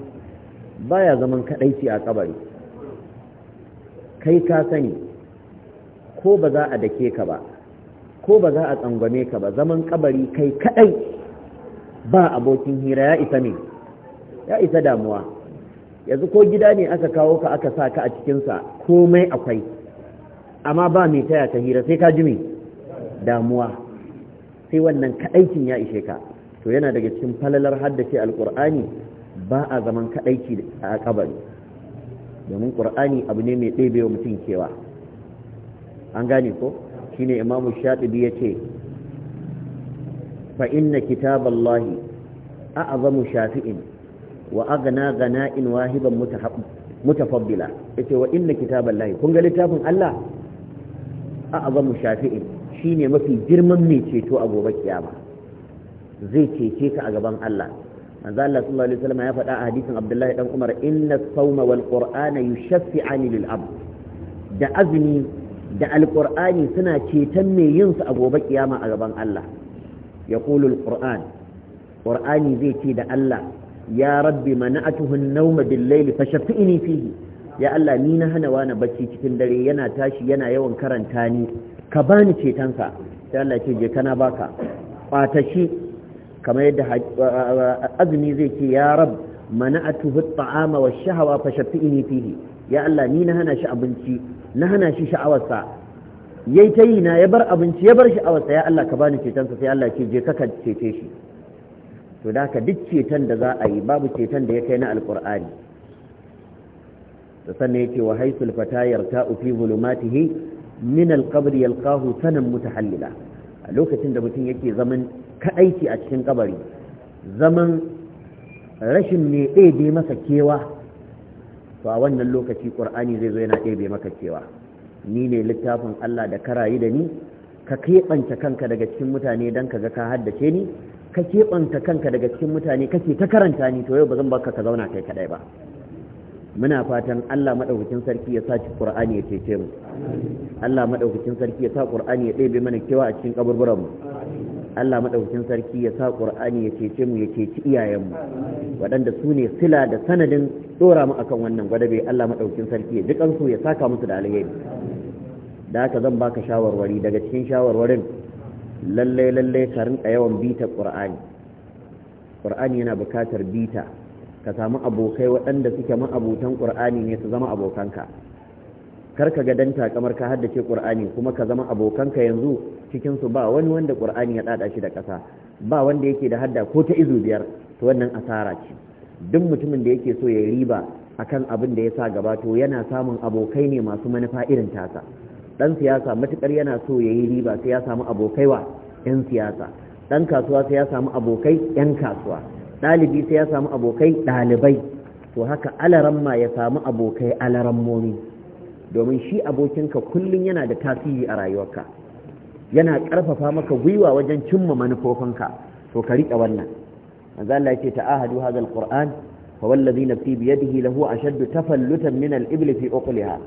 baya zaman kadaici a kabari kai ka sani ko ba za a dake ka ba ko ba za a tsangwame ka ba zaman kabari kai kadai ba abokin hira ya isa ne ya isa damuwa yanzu ko gida ne aka kawo ka aka sa ka a cikinsa komai akwai amma ba mai taya ka hira sai ka ji me damuwa sai wannan kadaikin ya ishe ka to yana daga cikin falalar haddace alkur'ani ba a zaman kadaici a kabari domin ƙur'ani abu ne mai ɗebe wa mutum kewa an gane ko shine imamu shatibi yace fa inna kitaballahi a'zamu shafi'in wa aghna ghana'in wahiban mutafaddila yace wa inna kitaballahi kun ga littafin Allah a'zamu shafi'in shine mafi girman mai ceto a gobe kiyama zai cece ka a gaban Allah manzo Allah sallallahu alaihi wasallam ya faɗa a hadisin Abdullahi dan Umar inna as-sawma wal qur'ana yushaffi'ani lil abd da azmi da alƙur'ani suna ceton mai yin su a gobe kiyama a gaban Allah ya kulul ƙur'an ƙur'ani zai ce da Allah ya rabbi mana'atuhun nauma billaili fa shafi'ini fihi ya Allah ni na hana wani bacci cikin dare yana tashi yana yawan karanta ni ka bani cetonsa sai Allah ce je kana baka Fatashi kamar yadda azumi zai ce ya rab mana'atuhu at-ta'ama wash-shahawa fa shafi'ini fihi ya Allah ni na hana shi abinci na hana shi sha'awarsa yayi ta yi na ya bar abinci ya bar sha'awarsa ya Allah ka bani cetonsa sai Allah ce je ka cece shi to da haka duk ceton da za a yi babu ceton da ya kai na alkur'ani da sannan ce wa haisul fata yarta'u fi zulumatihi min alqabr yalqahu sanan mutahallila a lokacin da mutum yake zaman kadaici a cikin kabari zaman rashin ne ɗebe masa kewa to a wannan lokaci qur'ani zai zo yana ɗebe maka cewa ni ne littafin Allah da ka rayu da ni ka keɓanta kanka daga cikin mutane don ka ga ka haddace ni ka keɓanta kanka daga cikin mutane kake ta karanta ni to yau ba zan baka ka zauna kai kadai ba muna fatan Allah madaukakin sarki ya saci Qur'ani ya cece mu Allah madaukakin sarki ya sa Qur'ani ya ɗebe mana kewa a cikin kaburburan mu Allah maɗaukin sarki ya sa Qur'ani ya cece mu ya ceci iyayenmu waɗanda su ne sila da sanadin dora mu akan wannan gwadabe Allah maɗaukin sarki ya ji su ya saka musu da alheri da haka zan baka shawarwari daga cikin shawarwarin lalle lalle ka rinka yawan bita Qur'ani Qur'ani yana buƙatar bita ka samu abokai waɗanda suke ma'abutan ƙur'ani ne su zama abokanka kar ka ga danta kamar ka haddace Qur'ani kuma ka zama abokanka yanzu cikin su ba wani wanda qur'ani ya dada shi da ƙasa ba wanda yake da hadda ko ta izu biyar to wannan asara ce duk mutumin da yake so ya riba akan abin da ya sa gaba to yana samun abokai ne masu manufa irin tasa Ɗan siyasa matukar yana so ya yi riba sai ya samu abokai wa yan siyasa Ɗan kasuwa sai ya samu abokai yan kasuwa ɗalibi sai ya samu abokai ɗalibai to haka alaramma ya samu abokai alarammomi domin shi abokinka kullum yana da tasiri a rayuwarka yana ƙarfafa maka gwiwa wajen cimma manufofinka to ka riƙe wannan manzo Allah yake ta'ahadu hadha alquran fa wallazi nafsi bi yadihi lahu ashaddu tafallutan min al-ibli fi uqliha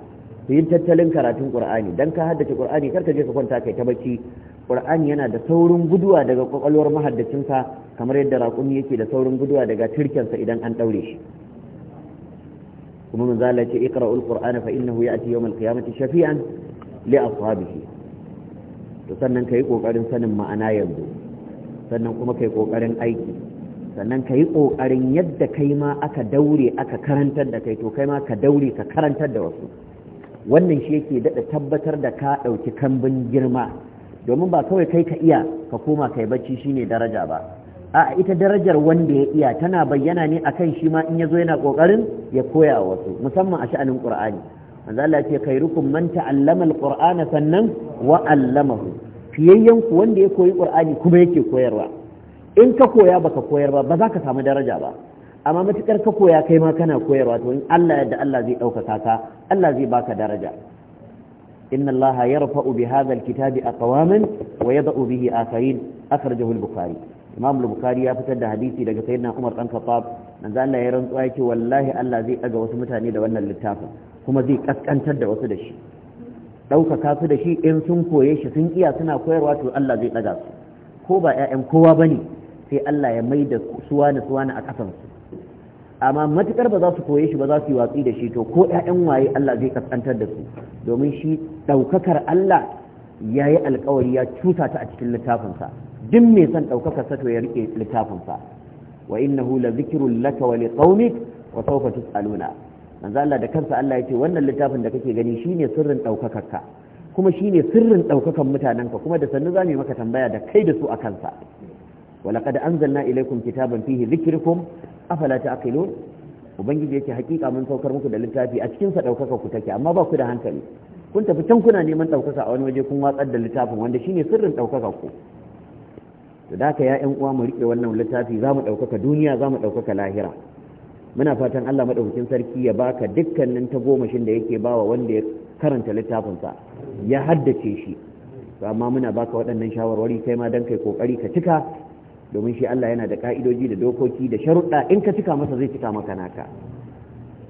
to yin tattalin karatun qur'ani dan ka haddace qur'ani kar ka je ka kwanta kai ta bacci qur'ani yana da saurin guduwa daga kwakwalwar mahaddacinsa kamar yadda raƙumi yake da saurin guduwa daga turkensa idan an daure shi kuma manzo Allah yake iqra'ul qur'ana fa innahu ya'ti yawm al-qiyamati shafi'an li ashabihi to sannan ka yi ƙoƙarin sanin ma'ana yanzu sannan kuma ka yi ƙoƙarin aiki sannan ka yi ƙoƙarin yadda kai ma aka daure aka karantar da kai to kai ma ka daure ka karantar da wasu wannan shi yake daɗa tabbatar da ka ɗauki kambin girma domin ba kawai kai ka iya ka koma kai bacci shine daraja ba a ita darajar wanda ya iya tana bayyana ne akan shi ma in ya zo yana ƙoƙarin ya koya wasu musamman a sha'anin ƙur'ani manzo Allah ce rukun manta ta'allama alqur'ana sannan wa 'allamahu fiyayyen ku wanda ya koyi qur'ani kuma yake koyarwa in ka koya baka koyar ba ba samu daraja ba amma matukar ka koya kai ma kana koyarwa to in Allah yadda Allah zai ɗaukaka ka Allah zai baka daraja inna Allah yarfa'u bi kitabi a aqwaman wa yad'u bihi akharin akhrajahu al-bukhari imam al-bukhari ya fitar da hadisi daga sayyidina umar dan khattab manzo Allah ya rantsuwa yake wallahi Allah zai daga wasu mutane da wannan littafin kuma zai kaskantar da wasu da shi ɗaukaka su da shi in sun koye shi sun iya suna koyarwa to Allah zai ɗaga su ko ba 'ya'yan kowa ba ne sai Allah ya mai da suwani suwani a ƙasansu amma matukar ba za su koye shi ba za su yi watsi da shi to ko 'ya'yan waye Allah zai kaskantar da su domin shi ɗaukakar Allah ya yi alkawari ya cusa ta a cikin littafinsa duk mai son ɗaukakar sa to ya riƙe littafinsa wa innahu la zikrun laka wa liqaumik wa sawfa tus'aluna manzo Allah da kansa Allah ya ce wannan littafin da kake gani shine sirrin ɗaukakarka kuma shine sirrin ɗaukakan mutanenka kuma da sannu zamu maka tambaya da kai da su a kansa walaqad anzalna ilaykum kitaban fihi dhikrukum afala ta'qilun ubangiji yake hakika mun saukar muku da littafi a cikin sa ɗaukaka ku take amma ba ku da hankali kun tafi can kuna neman ɗaukaka a wani waje kun watsar da littafin wanda shine sirrin ɗaukaka ku to da haka ya ƴan uwa mu riƙe wannan littafi za mu ɗaukaka duniya za mu ɗaukaka lahira muna fatan Allah madaukakin sarki ya baka dukkanin ta tagomashin da yake bawa wanda ya karanta littafinsa ya haddace shi to amma muna baka waɗannan shawarwari kai ma dan kai kokari ka cika domin shi Allah yana da ka'idoji da dokoki da sharuɗa in ka cika masa zai cika maka naka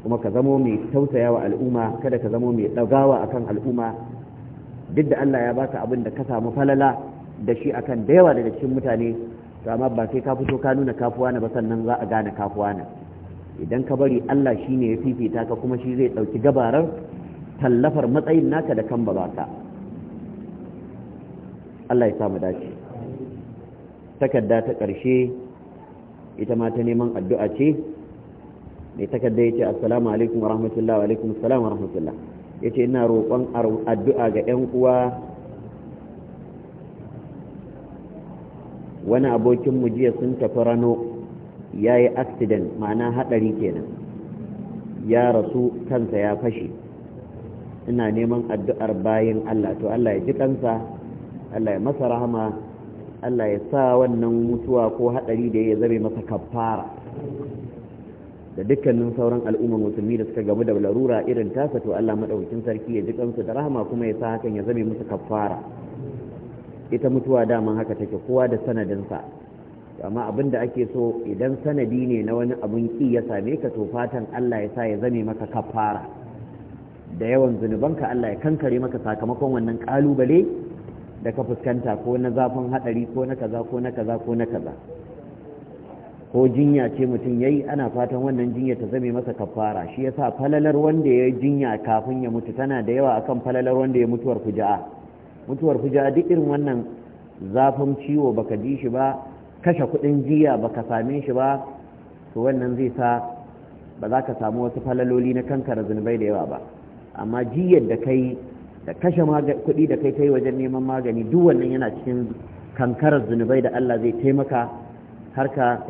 kuma ka zamo mai tausaya wa al'umma kada ka zamo mai ɗagawa akan al'umma duk da Allah ya baka abin da ka samu falala da shi akan da yawa daga cikin mutane to amma ba sai ka fito ka nuna kafuwa na ba sannan za a gane kafuwa na idan ka bari Allah shi ne ya fifita ka kuma shi zai ɗauki gabarar tallafar matsayin naka da kan ba ka Allah ya samu dace takarda ta ƙarshe ita ma ta neman addu'a ce mai takarda ya ce assalamu alaikum wa rahmatullah wa alaikum assalamu wa rahmatullah ya ce ina roƙon addu'a ga 'yan uwa wani abokinmu jiya sun tafi rano ya yi accident ma'ana haɗari kenan ya rasu kansa ya fashe ina neman addu'ar bayan Allah to Allah ya ji kansa Allah ya masa rahama Allah ya sa wannan mutuwa ko haɗari da ya zame masa kafara da dukkanin sauran al'ummar musulmi da suka gamu da larura irin tasa to Allah maɗaukin sarki ya ji kansu da rahama kuma ya sa hakan ya zame musu kafara ita mutuwa daman haka take kowa da sanadinsa amma abin da ake so idan sanadi ne na wani abun ki ya same ka to fatan Allah ya sa ya zame maka kafara da yawan zunubanka Allah ya kankare maka sakamakon wannan kalubale da ka fuskanta ko na zafin hadari ko na kaza ko na kaza ko na kaza ko jinya ce mutum yayi ana fatan wannan jinya ta zame masa kafara shi yasa falalar wanda ya jinya kafin ya mutu tana da yawa akan falalar wanda ya mutuwar fuja'a mutuwar fuja'a duk irin wannan zafin ciwo baka ji shi ba kashe kuɗin jiya baka same shi ba to wannan zai sa ba za ka samu wasu falaloli na kankara zunubai da yawa ba amma jiyar da kai da kashe kuɗi da kai kai wajen neman magani duk wannan yana cikin kankarar zunubai da Allah zai taimaka har ka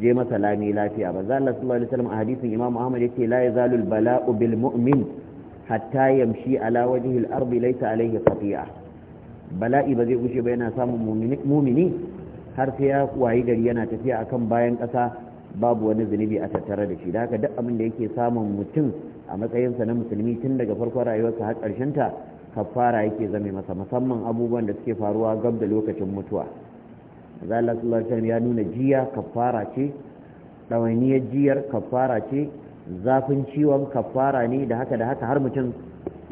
je masa lami lafiya ba za sallallahu alaihi wasallam a hadisin Imam Ahmad yake la yazalu bala'u bil mu'min hatta yamshi ala wajhi al-ardi laysa alayhi qati'a bala'i ba zai gushe ba yana samun mumini har sai ya wayi gari yana tafiya akan bayan ƙasa babu wani zunubi a tattare da shi da haka duk abin da yake samun mutum a matsayinsa na musulmi tun daga farkon rayuwarsa har ta kafara yake zame masa musamman abubuwan da suke faruwa gab da lokacin mutuwa zalla sallallahu alaihi ya nuna jiya kafara ce ɗawainiyar jiyar kafara ce zafin ciwon kafara ne da haka da haka har mutum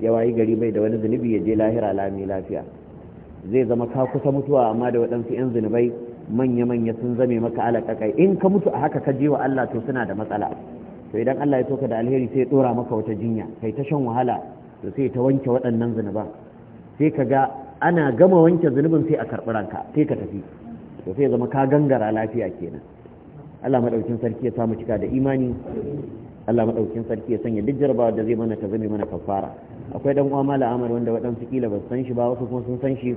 ya wayi gari bai da wani zunubi ya je lahira lami lafiya zai zama ka kusa mutuwa amma da waɗansu 'yan zunubai manya-manya sun zame maka alaƙaƙai in ka mutu a haka ka je wa Allah to suna da matsala to idan Allah ya soka da alheri sai ya ɗora maka wata jinya kai ta shan wahala to sai ta wanke waɗannan zunuban sai ka ga ana gama wanke zunubin sai a karɓi ranka sai ka tafi to sai zama ka gangara lafiya kenan Allah madaukin sarki ya samu cika da imani Allah maɗaukin sarki ya sanya duk jarabawa da zai mana ta zame mana kafara akwai dan uwa mala amar wanda waɗansu kila ba san shi ba wasu kuma sun san shi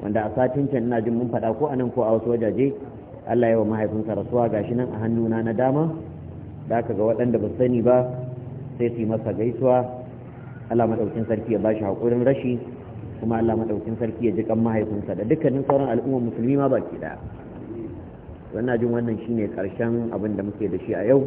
wanda a satin can ina jin mun faɗa ko a nan ko a wasu wajaje Allah ya wa mahaifinsa rasuwa gashi nan a hannuna na dama da aka ga waɗanda ba sani ba sai su yi masa gaisuwa Allah maɗaukin sarki ya bashi haƙurin rashi kuma Allah maɗaukin sarki ya ji kan mahaifinsa da dukkanin sauran al'ummar musulmi ma baki daya wannan jin wannan shine karshen abin da muke da shi a yau